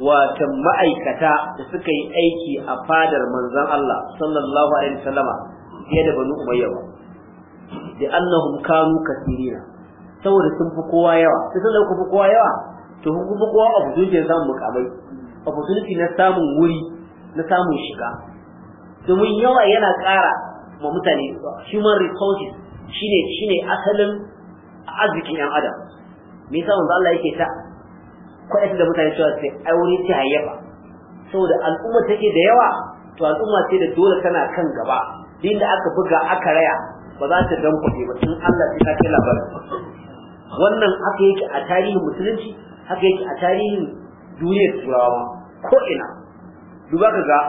[SPEAKER 1] wata ma'aikata da suka yi aiki a fadar manzon Allah sallallahu alaihi wasallama fiye da banu umayya ba da annahum kanu kasirina saboda sun fi kowa yawa sai sun fi kowa yawa to kun fi kowa opportunity na samun mukamai opportunity na samun wuri na samun shiga domin yawa yana ƙara ma mutane human resources shine shine asalin a arzikin yan adam me yasa wanda Allah yake ta kwaya da mutane cewa sai aure ta hayyafa saboda al'umma take da yawa to al'umma ce da dole tana kan gaba din da aka buga aka raya ba za ta dan kuɗe ba in Allah sai ta kai labarin wannan haka yake a tarihin musulunci haka yake a tarihin duniyar turawa ko ina duba ka ga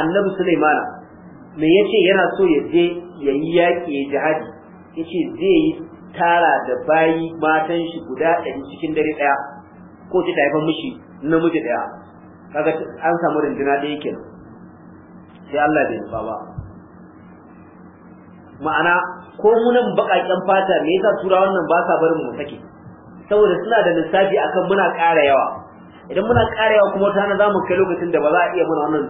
[SPEAKER 1] annabi Sulaimana me yace yana so ya je yayi yaƙi ya jihadi yace zai yi tara da bayi matan shi guda ɗari cikin dare ɗaya ko ta haifan mishi namiji ɗaya kaga an samu rinjina ɗaya kenan sai Allah bai nufa ba ma'ana ko munan baƙaƙen fata me yasa turawan wannan ba sa barin mu sake saboda suna da lissafi akan muna ƙara yawa idan muna ƙara yawa kuma ta za mu kai lokacin da ba za a iya muna wannan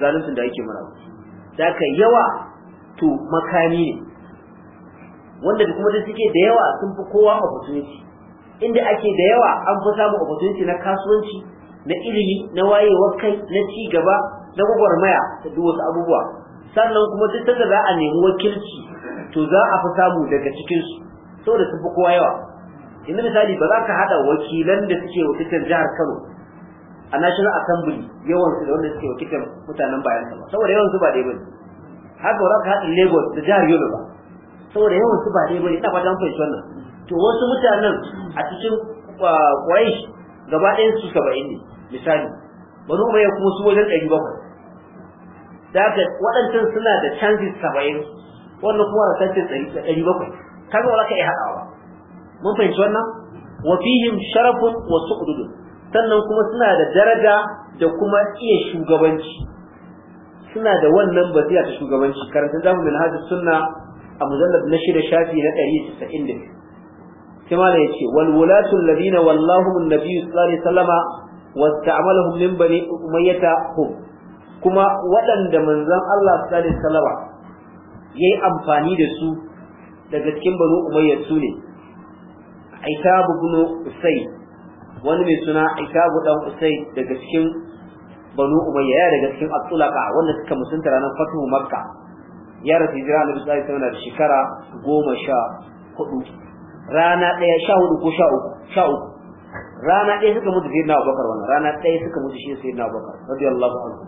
[SPEAKER 1] zaluncin da ake muna ba da yawa to makami ne wanda da kuma da suke da yawa sun fi kowa opportunity inda ake da yawa an fi samun opportunity na kasuwanci na ilimi na wayewar kai na ci gaba na gwagwarmaya da duk wasu abubuwa sannan kuma duk sanda za a nemi wakilci to za a fi samu daga cikin su saboda sun fi kowa yawa yanzu misali ba za ka haɗa wakilan da suke wakilan jihar Kano a National Assembly yawan su da wanda suke wakilan mutanen bayan ba saboda yawan su ba dai bane haka ba za ka haɗa Lagos da jihar Yoruba saboda yawan su ba ne, bane ina fata mun fahimci wannan to wasu mutanen a cikin Quraysh gaba ɗayan su 70 ne misali bari umayya kuma su wajen 700 da haka waɗancan suna da chances 70 wannan kuma da chances 700 kaga wala ka iya hadawa mun fahimci wannan wa fihim sharafun wa su'dud sannan kuma suna da daraja da kuma iya shugabanci suna da wannan ba ta shugabanci karatun zamu min hadis sunna a mujallad na shida shafi na ɗari casa'in da biyu sai ya ce wal wulatu alladhina wallahu an-nabiyyu sallallahu alaihi wasallama wasta'malahum min bani umayyata hum kuma waɗanda manzon Allah sallallahu alaihi wasallama yayi amfani da su daga cikin banu umayya su ne Aitab ibn Usayd wani mai suna Aitab dan Usayd daga cikin banu umayya daga cikin Abdullah wanda suka musanta ranar fatuhu Makka ya rasu hijira annabi sallallahu alaihi wasallam da shekara goma sha hudu rana ɗaya sha hudu ko sha uku sha uku rana ɗaya suka mutu sayyidina Abubakar wannan rana ɗaya suka mutu shi sayyidina Abubakar radiyallahu anhu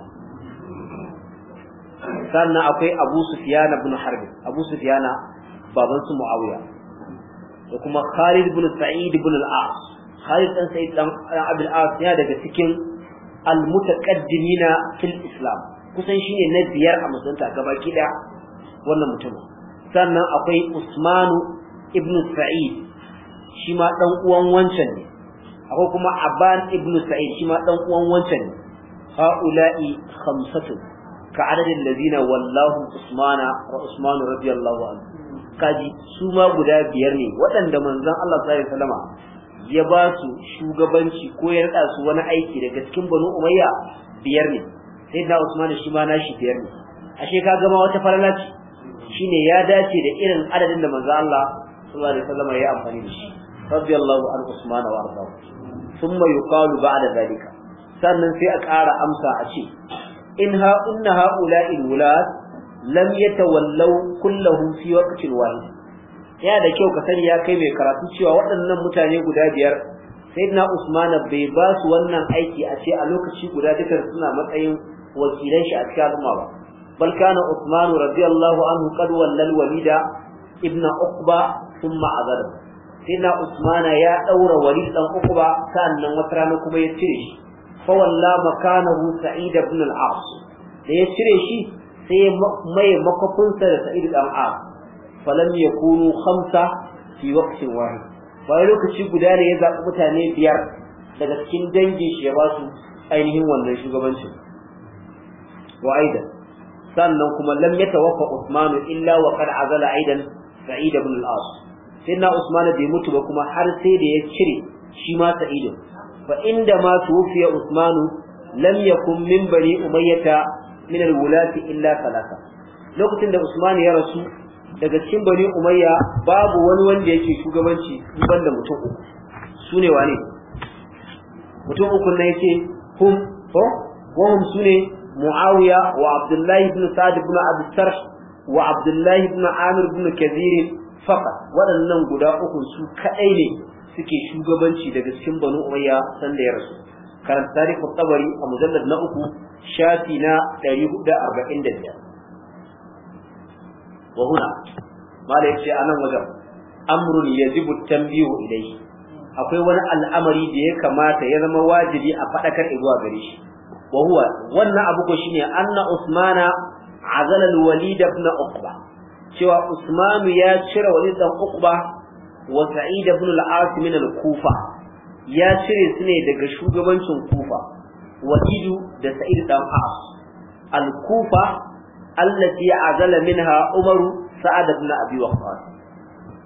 [SPEAKER 1] sannan akwai Abu Sufiyana bin Harbi, Abu Sufiyana, baban su Muawiya da kuma Khalid bin Sa'id bin al-As Khalid dan Sa'id dan Abdul As ya daga cikin al-mutaqaddimina fil Islam kusan shine na biyar a musulunta gaba daya wannan mutumin sannan akwai usmanu ibn sa'id shi ma dan uwan wancan ne akwai kuma aban ibn sa'id shi ma dan uwan wancan ne ha'ula'i khamsatu ka adadin ladina wallahu usmana wa usmanu radiyallahu anhu kaji su ma guda biyar ne waɗanda manzon Allah sallallahu alaihi wasallam ya ba su shugabanci ko ya rada su wani aiki daga cikin banu umayya biyar ne sai da usmanu shi ma nashi biyar ne ashe ka gama wata falala ce shine ya dace da irin adadin da manzo Allah sallallahu alaihi wasallam ya amfani da shi radiyallahu an usman wa ardahu thumma yuqalu ba'da zalika sannan sai a ƙara amsa a ce in ha unna ha'ula'i wulad lam yatawallaw kulluhum fi waqtin wahid ya da kyau ka sani ya kai mai karatu cewa waɗannan mutane guda biyar sayyidina usman bai ba su wannan aiki a ce a lokaci guda dukkan suna matsayin wakilan shi a cikin al'umma ba bal Usmanu Uthman radiyallahu anhu qad wallal walida ibn Uqba thumma ya daura walid dan Uqba sannan wata rana kuma ya cire shi fa walla makanahu Sa'id ibn da ya cire shi sai mai makafinsa da Sa'id ibn al-As falam yakunu khamsa fi waqtin wahid bayan lokaci guda ne ya zaɓi mutane biyar daga cikin dangin shi ya ba ainihin wannan shugabancin wa'ida sannan kuma lam yatawaffa Usmanu illa wa qad azala aidan Sa'id ibn al-As sayyidina Usman bai mutu ba kuma har sai da ya cire shi ma Sa'id fa inda ma tuwfiya Usmanu lam yakun min bani Umayyata min al-wulati illa thalatha lokacin da Usman ya rasu daga cikin bani Umayya babu wani wanda yake shugabanci ban da mutum uku sune wane mutum uku ne yake hum ko wahum sune Mu'awiya وعبد الله بن سعد بن أبي السرح وعبد الله بن عامر بن waɗannan guda uku su kaɗai ne suke shugabanci daga cikin banu umayya san da ya rasu karanta tarihi a mujallad na uku shafi na 445 wa huna mala yace anan wajen amrun yajibu tanbihu ilayhi akwai wani al'amari da ya kamata ya zama wajibi a fadakar zuwa gare shi wa wannan abu ko shine anna usmana azala al-walid uqba cewa usman ya cire walid ibn uqba wa sa'id ibn al-as al-kufa ya cire su ne daga shugabancin kufa wa'idu da sa'id dan as al-kufa allati azala minha umaru sa'ad ibn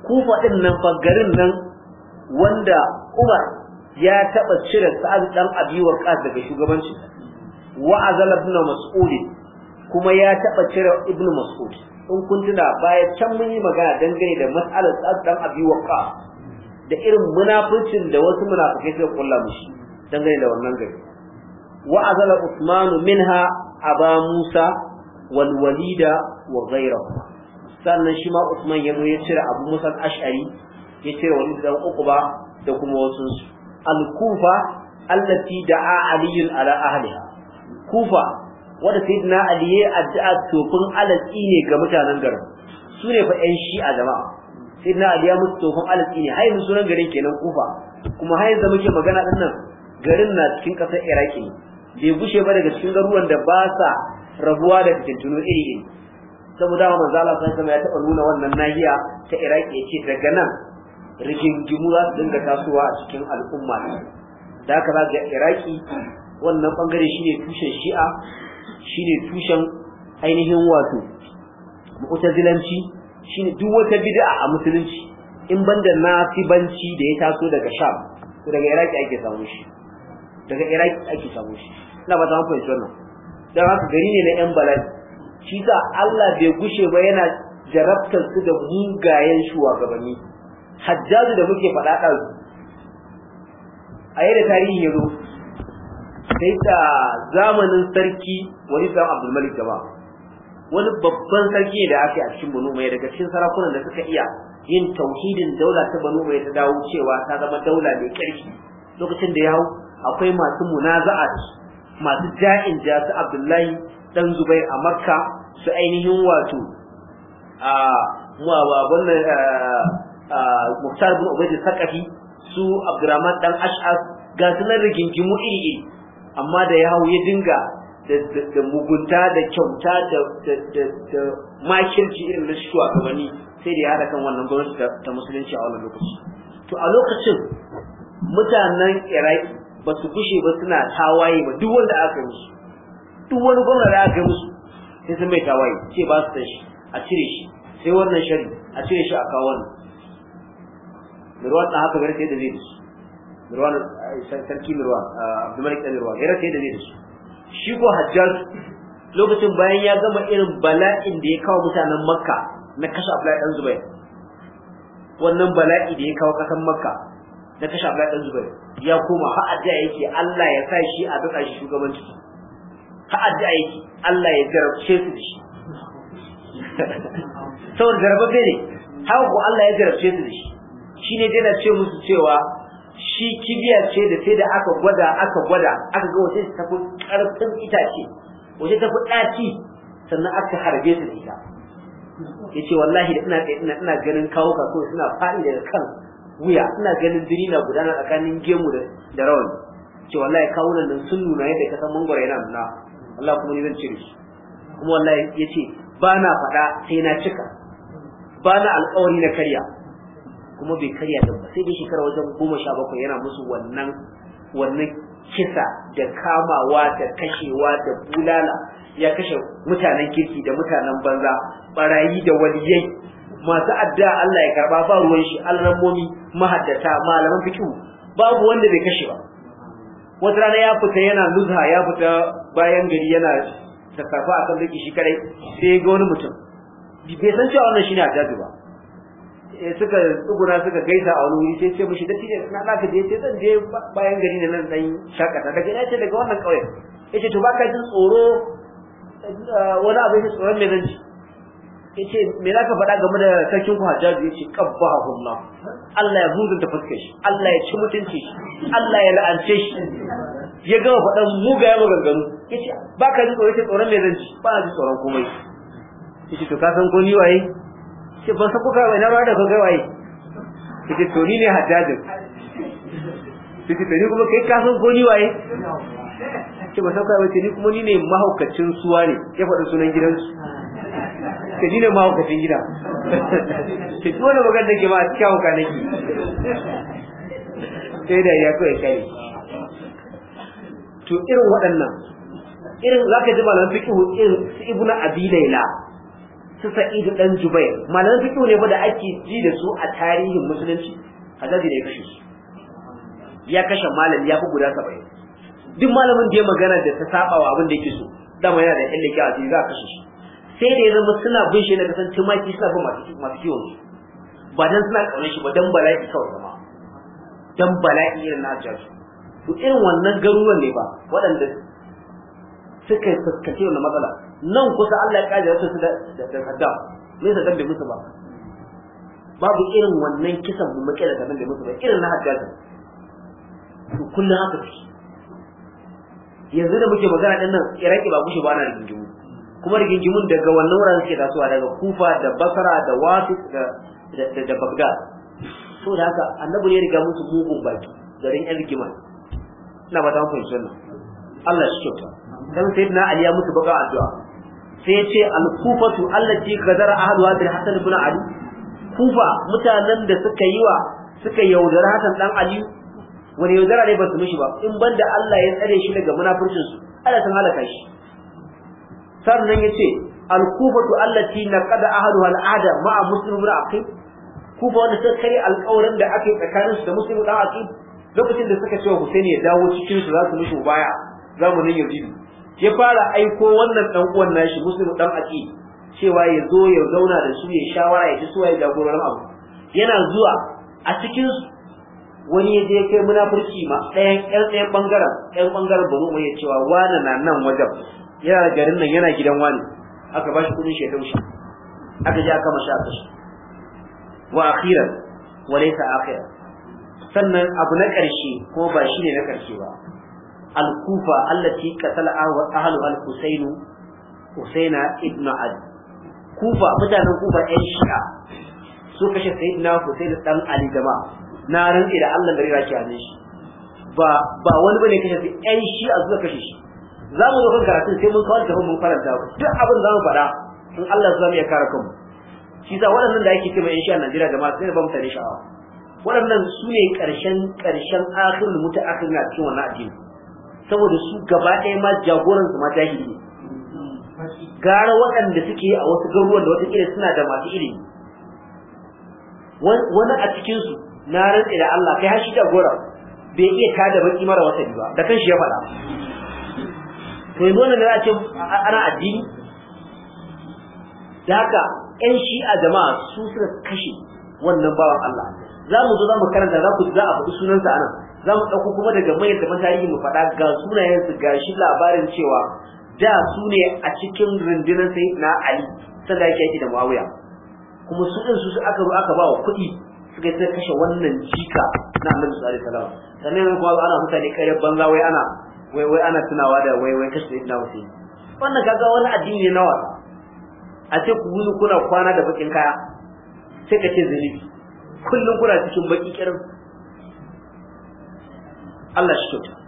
[SPEAKER 1] kufa nan garin nan wanda umar ya taɓa cire sa'ad dan abi waqqas daga shugabancin wa azala ibn mas'ud kuma ya taba cire ibn mas'ud in kun tuna baya can mun yi magana dangane da mas'alar sa'ad abi waqa da irin munafincin da wasu munafikai suka kulla mushi dangane da wannan gari wa azala usman minha aba musa wal walida wa ghayruhu sannan shi ma usman ya zo ya cire abu musa ash'ari ya cire wani dan ba, da kuma wasu al-kufa allati da'a aliyun ala ahliha kufa wanda sayyidina ali ya addu'a tofin alatsi ne ga mutanen garin su ne fa yan shi'a jama'a sayyidina ali ya musu tofin alatsi ne har sunan garin kenan kufa kuma har zama muke magana din nan garin na cikin kasar iraki bai gushe ba daga cikin garuruwan da ba sa rabuwa da fitintunu iri iri saboda wa manzo sai kuma ya taɓa nuna wannan nahiya ta Iraki yake daga nan rigingimu za su dinga tasowa a cikin al'umma da haka za ga Iraki wannan bangare shine tushen shi'a shine tushen ainihin wato mu'tazilanci shine duk wata bid'a a musulunci in banda nasibanci da ya taso daga sham to daga iraki ake samu shi daga iraq ake samu shi ina ba ta mun fahimci wannan dan haka gari ne na yan bala'i shi sa Allah bai gushe ba yana jarabtar su da mugayen shugabanni hajjazu da muke faɗa ɗazu a yadda tarihi ya zo da yadda zamanin sarki wani sam abdul malik gaba wani babban sarki ne da ake a cikin banu mai daga cikin sarakunan da suka iya yin tauhidin daula ta banu mai ta dawo cewa ta zama daula mai karfi lokacin da ya hau akwai masu munaza'a masu ja'in ja su abdullahi dan zubair a makka su ainihin wato a wannan muktar bin ubaid sakafi su abdurrahman dan ash'as ga sunan nan rigingimu iri iri amma da ya hau ya dinga da mugunta da kyauta da makirci irin na gabani sai da ya haɗa kan wannan gwamnati ta musulunci a wannan lokaci to a lokacin mutanen iraki ba su gushe ba suna tawaye ba duk wanda aka yi musu duk wani gwamna da aka yi musu sai sun mai tawaye ce ba su tashi shi a cire shi sai wannan shari a cire shi a kawo wannan da ruwan haka gari sai da zai da su mirwan eh, sarki mirwan eh, abdulmalik da mirwan ya rasa yadda zai da su shi ko hajjar lokacin bayan ya gama irin bala'in da ya kawo mutanen makka na kashe abdullahi dan zubair wannan bala'i da ya kawo kasan makka na kashe abdullahi dan zubair ya koma har addu'a yake Allah ya sa shi a duka shi shugabanci har addu'a yake Allah ya jarabce su shi saboda jarabce ne haka ko Allah ya jarabce su da shi shine dai na ce musu cewa shi kibiya ce da sai da aka gwada aka gwada aka ga wace ta fi karfin itace wace ta fi ɗaci sannan aka harbe ta ita yace wallahi da ina ina ina ganin kawo ka so suna faɗi daga kan wuya ina ganin jini na gudana tsakanin gemu da da rawan ce wallahi kawo nan sun nuna yadda ka san mangwara yana nuna Allah kuma ni zan cire shi kuma wallahi yace ba na faɗa sai na cika ba na alƙawari na karya kuma bai karya da ba sai dai shekara wajen goma sha bakwai yana musu wannan wannan kisa da kamawa da kashewa da bulala ya kashe mutanen kirki da mutanen banza barayi da waliyai masu adda Allah ya karba ba ruwan shi alramomi mahaddata malaman fiqh babu wanda bai kashe ba wata rana ya fita yana nuzha ya fita bayan gari yana tasafa akan dake shi kare, sai ga wani mutum bai san cewa wannan shine ajabi ba Eh, suka tsuguna suka gaisa a wani wuri sai ce mishi da tije na laka je sai zan je bayan gari ne nan dan shakata daga ina ce daga wannan kauye yace to baka jin tsoro eh, wani abu ne tsoron me zanci yace me zaka faɗa game da sarkin ku hajjaji yace qabbahu Allah Allah ya da fuskar shi Allah ya ci mutunci shi Allah ya la'ance shi ya gama faɗan mugayen maganganu yace baka jin tsoro yace tsoron me zanci ba ji tsoron komai yace to ka san ko ni waye ce ba su kuka bai na ma da kuka waye kace to ni ne hajjajin kace to ni kuma kai ka san ko waye ce ba sauka ba ce ni kuma ni ne mahaukacin suwa ne ya faɗi sunan gidansu ka ni ne mahaukacin gida ce tuwa wani magana da ke ma a cikin hauka nake sai da ya kawai kai to irin waɗannan irin za ka ji malamfikin fiqhu irin su ibnu abi laila su sa'idu dan jubair malaman fiqh ne ba da ake ji da su a tarihin musulunci Hadari da ya kashe su ya kashe malami ya fi guda saba'in. duk malamin da ya magana da ta saba wa abin da yake so dama yana da illaki a cikin za a kashe shi sai da ya zama suna bin shi na kasan tumaki suna bin masu kiwon su ba dan suna kaunar shi ba dan bala'i kawai zama dan bala'i irin na jaji to irin wannan garuruwan ne ba waɗanda suka fuskanci wannan matsala nan kusa Allah ya kare wasu da da Saddam me yasa dan bai musu ba babu irin wannan kisan mu muke da dan bai musu ba irin na Haddad to kullun haka ce yanzu da muke magana din nan Iraki ba kushi ba na rigingimu kuma rigingimun daga wannan wuraren suke tasowa daga Kufa da Basra da Wafiq da da Baghdad so da haka annabi ne ya riga musu mugun baki garin yan rigima ina ba ta fahimci sunna Allah shi kyauta dan sai Ali ya musu baka addu'a sai yace al-kufatu allati qadara ahluha bil hasan ibn ali kufa mutanen da suka yi wa suka yaudara hasan dan ali wani yaudara ne ba su mishi ba in banda Allah ya tsare shi daga munafurcin su Allah sun halaka shi sannan yace al-kufatu allati naqada Ahadu al-ada ma'a muslim ibn aqil kufa wanda suka kare alƙawarin da ake tsakanin su da muslim ibn aqil lokacin da suka ce wa Husaini ya dawo cikin su za su mishi baya zamanin Yazid ya fara aiko wannan dan uwan nashi muslimu dan aki cewa ya zo ya zauna da su ya shawara ya ci suwa ya jagoran abu yana zuwa a cikin wani ya je kai munafurci ma ɗayan ƴan ɗayan bangaren ɗayan bangaren bano cewa wani na nan wajen yana garin nan yana gidan wani aka ba shi kudin shekaru shi aka ja kama sha aka shi wa akhiran wa laysa akhiran sannan abu na ƙarshe ko ba shi ne na ƙarshe ba al-kufa allati qatala ahlu al-husayn husaina ibn ali kufa mutanen kufa yan shi'a su kashe sayyidina husain dan ali jama'a na rantsi da Allah shi ba wani bane kashe su yan shi'a zuwa kashe shi za mu zo karatun sai mun kawar da mun faranta duk abin za mu faɗa in Allah ya mu iya kare kanmu shi waɗannan da ake cewa shi shi'a Najeriya jama'a sai ba mutane sha'awa waɗannan su ne ƙarshen ƙarshen akhirul mutaakhir a cikin wannan addini saboda su gaba ɗaya ma jagoran su ma jahili ne gara waɗanda suke a wasu garuruwan da wata kila suna da masu ilimi wani a cikin su na rantsa da Allah kai har shi jagora bai iya da baki mara wata ba da kanshi ya faɗa to yanzu wannan da za a ce ana addini da haka shi a jama'a su suka kashe wannan bawan Allah za mu zo za mu karanta za ku za a faɗi sunansa a nan. za mu ɗauko kuma daga manyan da tarihi mu faɗa ga sunayensu ga shi labarin cewa da su ne a cikin rundunar sai na Ali sanda yake yake da Muawiya kuma su din su aka zo aka ba wa kuɗi suka yi kashe wannan jika na Annabi sallallahu alaihi wasallam sannan yanzu kuma ana mutane kare banza wai ana wai wai ana tunawa da wai wai kashe Sayyidina Hussein wannan kaga wani addini ne na wasa a ce ku kuna kwana da bakin kaya sai ka ce zunubi kullum kuna cikin baki kirin Allah shi kyauta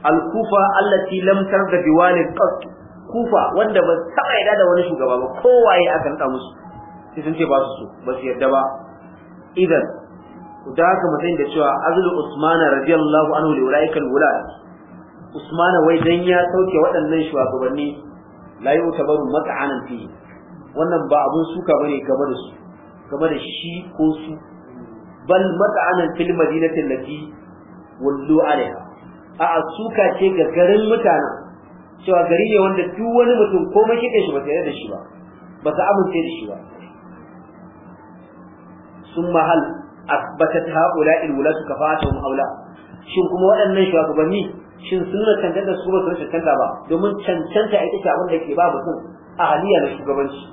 [SPEAKER 1] al-kufa allati lam tarda biwalid qat kufa wanda ba taba yarda da wani shugaba ba kowaye aka nada musu sai sun ce ba su so ba su yarda ba idan da haka mutum da cewa azlu usmana radiyallahu anhu li ulaika wulad usmana wai dan ya sauke waɗannan shugabanni la yutabaru mat'anan fi wannan ba abun suka bane game da su game da shi ko su bal mata'anan fil madinati allati wallu alaiha a'a suka ce ga garin mutanen cewa gari ne wanda duk wani mutum ko mai kike shi ba tare da shi ba ba ta amince da shi ba sun mahal asbatat haula il wulatu kafatuhum aula shin kuma waɗannan shugabanni shin sun cancanta su ba su cancanta ba domin cancanta ita ce abin da ke ba mutum a haliya na shugabanci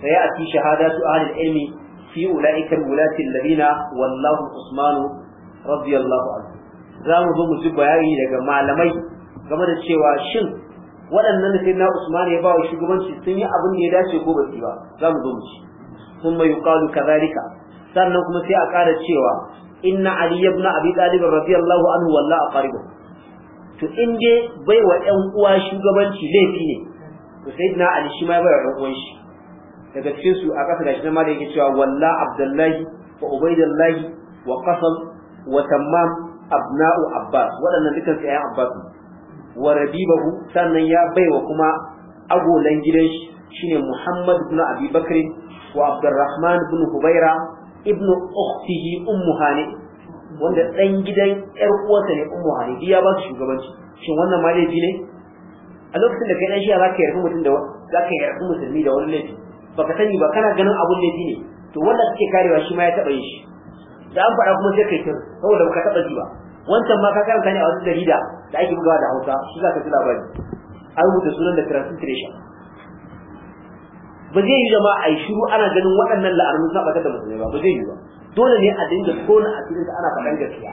[SPEAKER 1] sai a ci shahadatu ahlul ilmi fi ulaika alwulati alladhina wallahu usman radiyallahu anhu za mu zo mu ji bayani daga malamai game da cewa shin waɗannan da sayyidina usman ya ba wa shugabanci sun yi abin da ya dace ko ba ba za mu zo mu ci ثم يقال كذلك sannan kuma sai a ƙara cewa inna ali ibn abi talib radiyallahu anhu walla aqaribu to in dai bai wa ɗan uwa shugabanci laifi ne to sayyidina ali shi ma ya bai wa ɗan uwan shi daga cikin su a ƙasa gashi na mala yake cewa walla abdullahi wa ubaidullahi wa qasam wa tammam abna'u abbas waɗannan dukan su ƴaƴan abbas wa rabibahu sannan ya baiwa kuma agolan gidan shi shine muhammad ibn abi bakr wa abdurrahman ibn hubaira ibnu ukhtihi ummu hani wanda ɗan gidan yar uwarsa ne ummu hani ya ba su shugabanci shin wannan ma laifi ne a lokacin da kai dan za ka yarda mutum da zaka yarda musulmi da wani laifi baka sani ba kana ganin abun laifi ne to wanda suke karewa shi ma ya taba yin shi da an faɗa kuma sai kai tir saboda baka taba ji ba wancan ma ka karanta ne a wata jarida da ake bugawa da Hausa shi zaka ji labari an rubuta sunan da transcription ba zai yi jama'a ai shiru ana ganin waɗannan la'arun suna ɓatar da musulmai ba ba zai yi ba dole ne a dinga kona a cikin ana faɗan gaskiya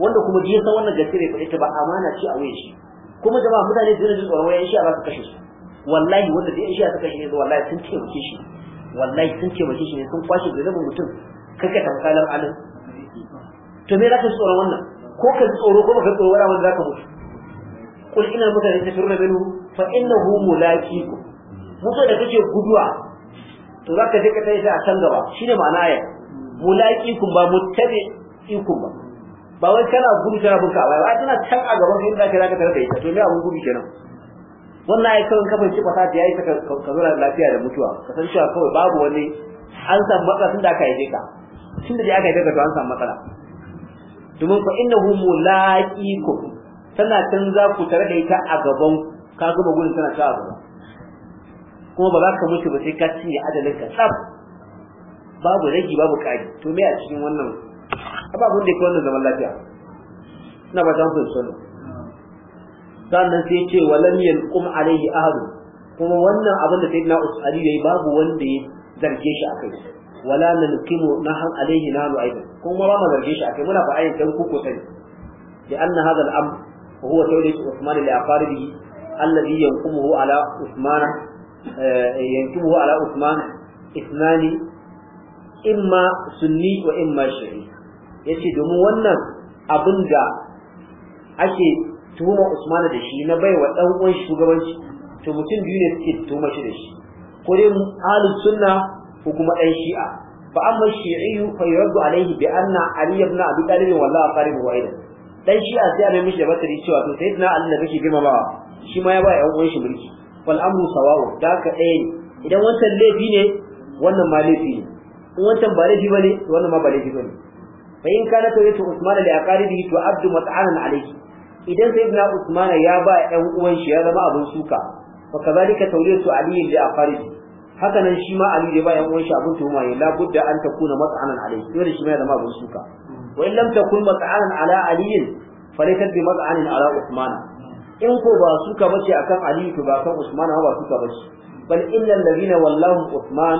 [SPEAKER 1] wanda kuma ji san wannan gaskiya bai faɗi ba amana ce a wuyan shi kuma jama'a mutane su ne su tsoron wayan shi a ba su kashe su wallahi wanda da ya shi suka shi ne wallahi sun ce muke shi wallahi sun ce muke shi ne sun kwashe da zaman mutum kake tamkalar alin to me zaka tsoron wannan ko ka tsoro ko baka tsoro wala wanda zaka mutu kul ina mutane ta turna binu fa innahu ku. mutu da kake guduwa to zaka je ka tayi a can gaba shine ma'ana aya mulaqikum ba muttabi'ikum ba ba wai kana gudu kana bunka ba ai tana can a gaban kai da kai zaka tarar da ita to me abun gudu kenan wannan ya kawai kafin kiba ta yayi ta ka zo lafiya da mutuwa ka san cewa kawai babu wani an samu matsala tunda aka yi ka tunda dai aka yi ka to an samu matsala domin fa innahu mulaqikum tana can za ku tare da ita a gaban ka zuba gudun tana ta gaba kuma ba za ka mutu ba sai ka cinye adalin ka tsaf babu ragi babu kari to me a cikin wannan ababun da ke wannan zaman lafiya ina ba ta hankali sallah sannan sai ce walam yalqum alaihi ahad kuma wannan abin da sayyidina usali yayi babu wanda ya zarge shi akai wala nalqimu nahan alaihi nanu aidan kuma ba mu zarge shi akai muna ba ayin dan kuko sai da anna hadha al-amr huwa tawlid usman li aqaribihi alladhi yanqumuhu eh, ala usman yanqumuhu ala usman ithnani imma sunni wa imma shi'i yace domin wannan abin da ake Tuma Usman da shi na baiwa dan uwan shugabanci to mutum biyu ne suke tuma shi da shi ko dai ahlus sunna ko kuma dan shi'a fa amma shi'iyyu fa yuraddu alaihi bi anna ali ibn abi talib wallahi qarib ida dan shi'a sai an mishi da batari cewa to sayyidina ali da kake girmamawa shi ma ya ba yan uwan shi mulki wal amru sawa'u da ka ɗaya ne idan wancan laifi ne wannan ma laifi ne in wancan ba laifi bane wannan ma ba laifi bane fa in kana tawaytu usman li aqaribihi to abdu mat'anan alayhi idan sayyidina usman ya ba ƴan uwan shi ya zama abin suka wa kazalika tawliyatu ali li afarisi haka nan shi ma ali bai ba ɗan uwan shi abin tuhuma ya la budda an takuna mat'anan alayhi dole shi ma ya zama abin suka wa in lam takun mat'anan ala ali laysa bi mat'anin ala usman in ko ba suka bace akan ali to ba kan usman ba suka bace bal illal ladina wallahu usman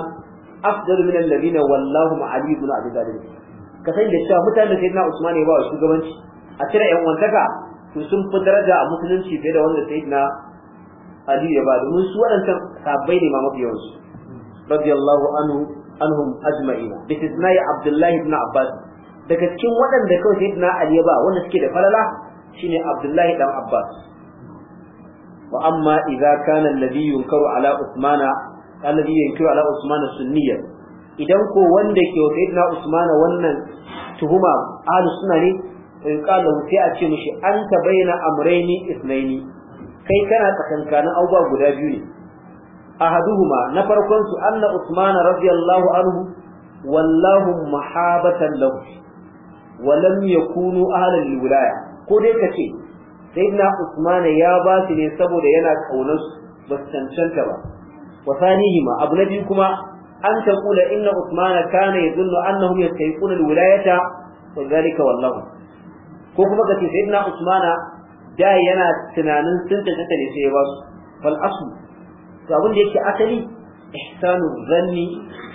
[SPEAKER 1] afdal min alladhina wallahu ali ibn abi talib ka san da cewa mutanen da sayyidina usman ya ba shugabanci a cire yan wantaka to sun fi daraja a musulunci fiye da wanda sayyidina Ali ya ba domin su waɗancan sabbai ne ma mafiyansu radiyallahu anhu anhum ajma'ina bi tisnai Abdullahi ibn Abbas daga cikin waɗanda kawai sayyidina Ali ya ba wanda suke da falala shine Abdullahi dan Abbas wa amma idza kana alladhi yunkaru ala Uthmana alladhi yunkaru ala Uthmana sunniyya idan ko wanda ke wa sayyidina Uthmana wannan tuhuma ahlus sunna ne yuqalu sai a ce mishi anta baina amuraini isnaini. kai kana tsakankanin abubuwa guda biyu ne ahaduhuma na farkon su anna usman radiyallahu anhu wallahu mahabatan lahu walam yakunu ahlan lilwilaya ko dai kace sayyidina Usmana ya ba su ne saboda yana kaunar su ba su cancanta ba wa sanihima abu na biyu kuma an taqula inna usmana kana yadullu annahum yastayquna alwilayata wa dhalika wallahu ko kuma ka ce sayyidina usmana da yana tunanin sun tantance ne sai ya ba su fal asu, to abin da yake asali ihsanu zanni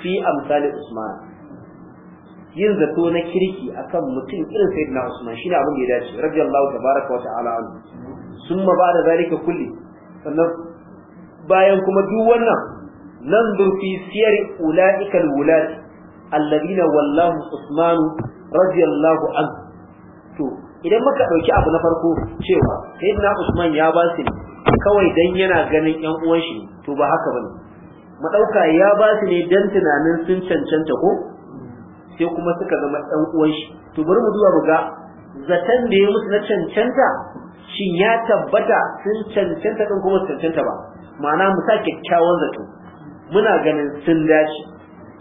[SPEAKER 1] fi amsali usman yin zato na kirki akan mutum irin sayyidina usman shine abin da ya dace radiyallahu tabaraka wa ta'ala anhu summa da zalika kulli sannan bayan kuma duk wannan nan durfi siyar ula'ikal wulati alladina wallahu usmanu radiyallahu anhu to idan muka ɗauki abu na farko cewa sai usman ya ba su kawai dan yana ganin yan uwan shi to ba haka bane mu dauka ya ba su ne dan tunanin sun cancanta ko sai kuma suka zama ɗan uwan shi to bari mu duba mu ga zaton da ya musu na cancanta shin ya tabbata sun cancanta din kuma cancanta ba ma'ana mu sa kyakkyawan zato muna ganin sun dace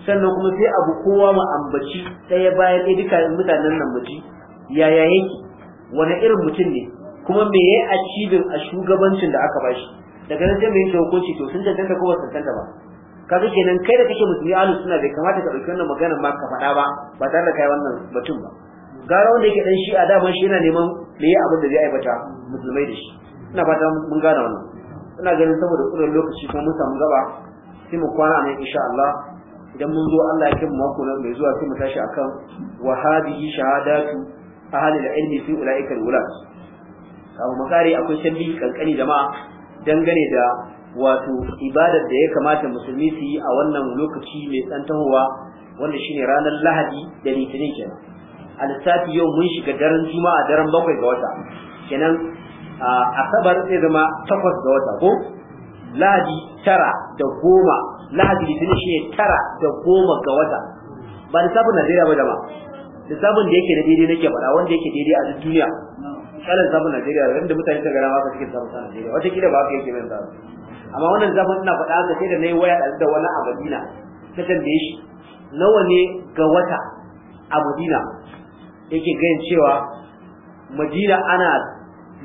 [SPEAKER 1] sannan kuma sai abu kowa mu ambaci ɗaya bayan ɗaya duka mutanen nan mu ji yaya yake wani irin mutum ne kuma me yayi a shugabancin da aka bashi daga nan sai mu yanke hukunci to sun tantance ko ba tantance ba kaga kenan kai da kake musulmi ahlu sunna bai kamata ka dauki wannan maganar ma ka faɗa ba ba tare da kai wannan mutum ba gara wanda yake dan da ban shi yana neman me yayi abin da zai aibata musulmai da shi ina fata mun gane wannan ina ganin saboda tsoron lokaci kuma mun samu gaba sai mu kwana ne insha Allah idan mun zo Allah ya kai mu mako na mai zuwa sai mu tashi akan wahabihi shahadatu ahalil ilmi fi ulaika alwulat abu makari akwai shabbi kankani jama'a dangane da wato ibadar da ya kamata musulmi su yi a wannan lokaci mai tsantahowa wanda shine ranar lahadi da litinin kenan a lissafi yau mun shiga daren juma'a daren bakwai ga wata kenan asabar zai zama takwas ga wata ko lahadi tara da goma lahadi litinin shine tara da goma ga wata ba lissafin najeriya ba jama'a lissafin da yake da daidai nake faɗa wanda yake daidai a duk duniya misalin lissafin Najeriya wanda mutane ta gara ma ka cikin lissafin Najeriya wata kila ba ka yake mai lissafin amma wannan zafin ina faɗa haka sai da na yi waya da wani a Madina ta tambaye shi nawa ne ga wata a Madina yake gayan cewa Madina ana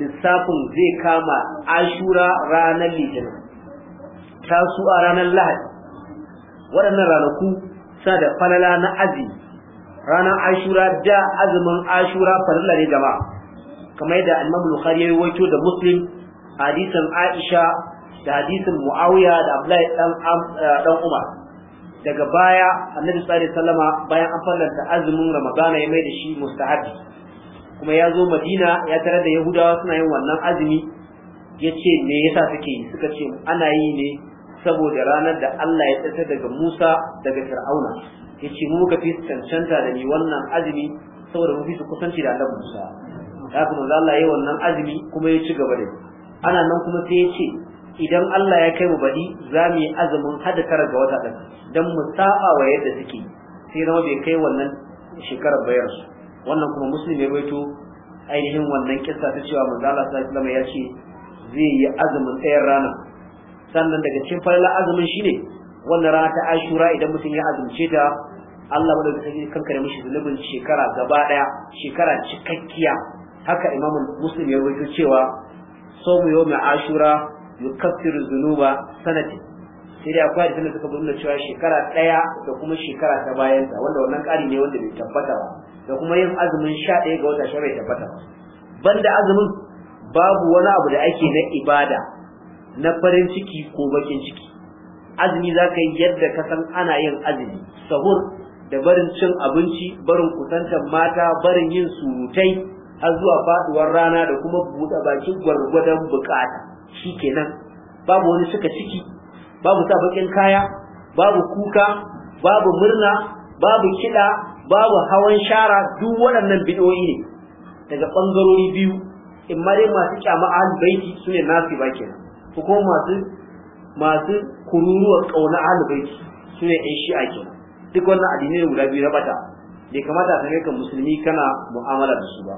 [SPEAKER 1] lissafin zai kama Ashura ranar Litinin a ranar Lahadi waɗannan ranaku sa da falala na azi. ranar ashura da azumin ashura farilla ne jama'a kamar yadda al-imam bukhari ya rawaito da muslim hadisin aisha da hadisin muawiya da abdullahi dan eh, dan umar daga baya annabi sallallahu alaihi bayan an farlanta azumin ramadana ya mai da shi mustahabi kuma ya zo madina ya tare da yahudawa suna yin wannan azumi ya ce me yasa suke yi suka ce ana yi ne saboda ranar da Allah ya tsata daga Musa daga Fir'auna yace mu muka fi cancanta da ni wannan azumi saboda mun fi su kusanci da Allah Musa kuma manzo Allah yi wannan azumi kuma ya ci gaba da ni ana nan kuma sai ya ce idan Allah ya kai mu bari za mu yi azumin hada tara ga wata ɗan don mu saba wa yadda suke sai zama bai kai wannan shekarar bayar su wannan kuma muslim ya rawaito ainihin wannan kissa ta cewa manzo Allah sallallahu alaihi ya ce zai yi azumin tsayar rana sannan daga cikin falala azumin shine wannan rana ta Ashura idan mutum ya azumce ta Allah bada zai kankare mishi zunubin shekara gaba daya shekara cikakkiya haka imamu Muslim ya rubuta cewa yau mai ashura yukaffiru zunuba sanati sai da akwai hadisin da suka nuna cewa shekara daya da kuma shekara ta bayan ta wanda wannan ƙari ne wanda bai tabbata ba da kuma yin azumin sha ɗaya ga wata shi bai tabbata banda azumin babu wani abu da ake na ibada na farin ciki ko bakin ciki azumi za ka yi yadda ka san ana yin azumi sahur da barin cin abinci barin kusantar mata barin yin surutai har zuwa faduwar rana da kuma buɗe baki gwargwadon bukata shikenan babu wani suka ciki babu sa bakin kaya babu kuka babu murna babu kiɗa babu hawan shara duk waɗannan bid'o'i ne daga ɓangarori biyu in ma dai masu kyama ahlul baiti ne nasu ba kenan kuma masu masu kururuwar ƙauna ahlul baiti ne ɗan shi'a kenan duk wannan addini ne guda biyu na bata bai kamata ka kai musulmi kana mu'amala da su ba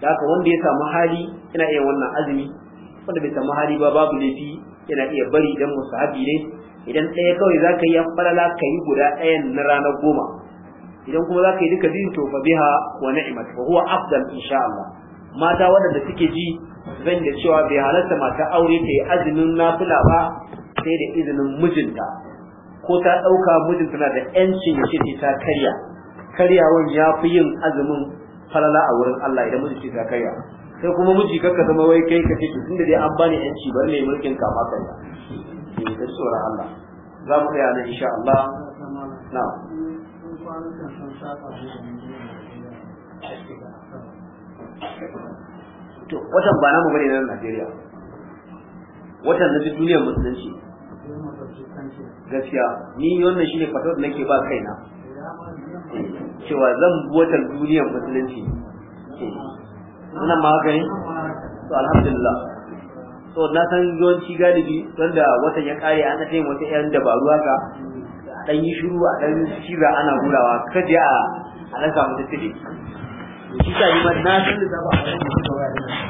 [SPEAKER 1] da haka wanda ya samu hali yana iya wannan azumi wanda bai samu hali ba babu laifi yana iya bari idan musahabi ne idan ɗaya kawai za ka yi yan falala ka yi guda ɗayan na ranar goma idan kuma za ka yi duka din to fa biha wa ni'mat fa huwa afdal insha Allah mata waɗanda suke ji zan da cewa bai halarta mata aure ta yi azumin nafila ba sai da izinin mijinta ko ta ɗauka mijin tana da ‘yancin ya ce ta karya karyawan ya fi yin azumin falala a wurin Allah idan miji ce ta karya sai kuma miji kakka zama wai kai ka ce tunda dai an bani ‘yanci bar ne mulkin kama karya ne eh, da tsoron Allah za mu tsaya nan insha Allah na to watan ba namu bane na Najeriya watan na duniyar musulunci gaskiya ni wannan shine fatar da nake ba kaina cewa zan buwata duniyar musulunci wannan magani? to alhamdulillah to na san yawanci galibi wanda watan ya kare an tafi wata yan dabaru haka a dan yi shiru a dan shira ana hurawa kaje a a rasa mutum shi ta ma na san da ba a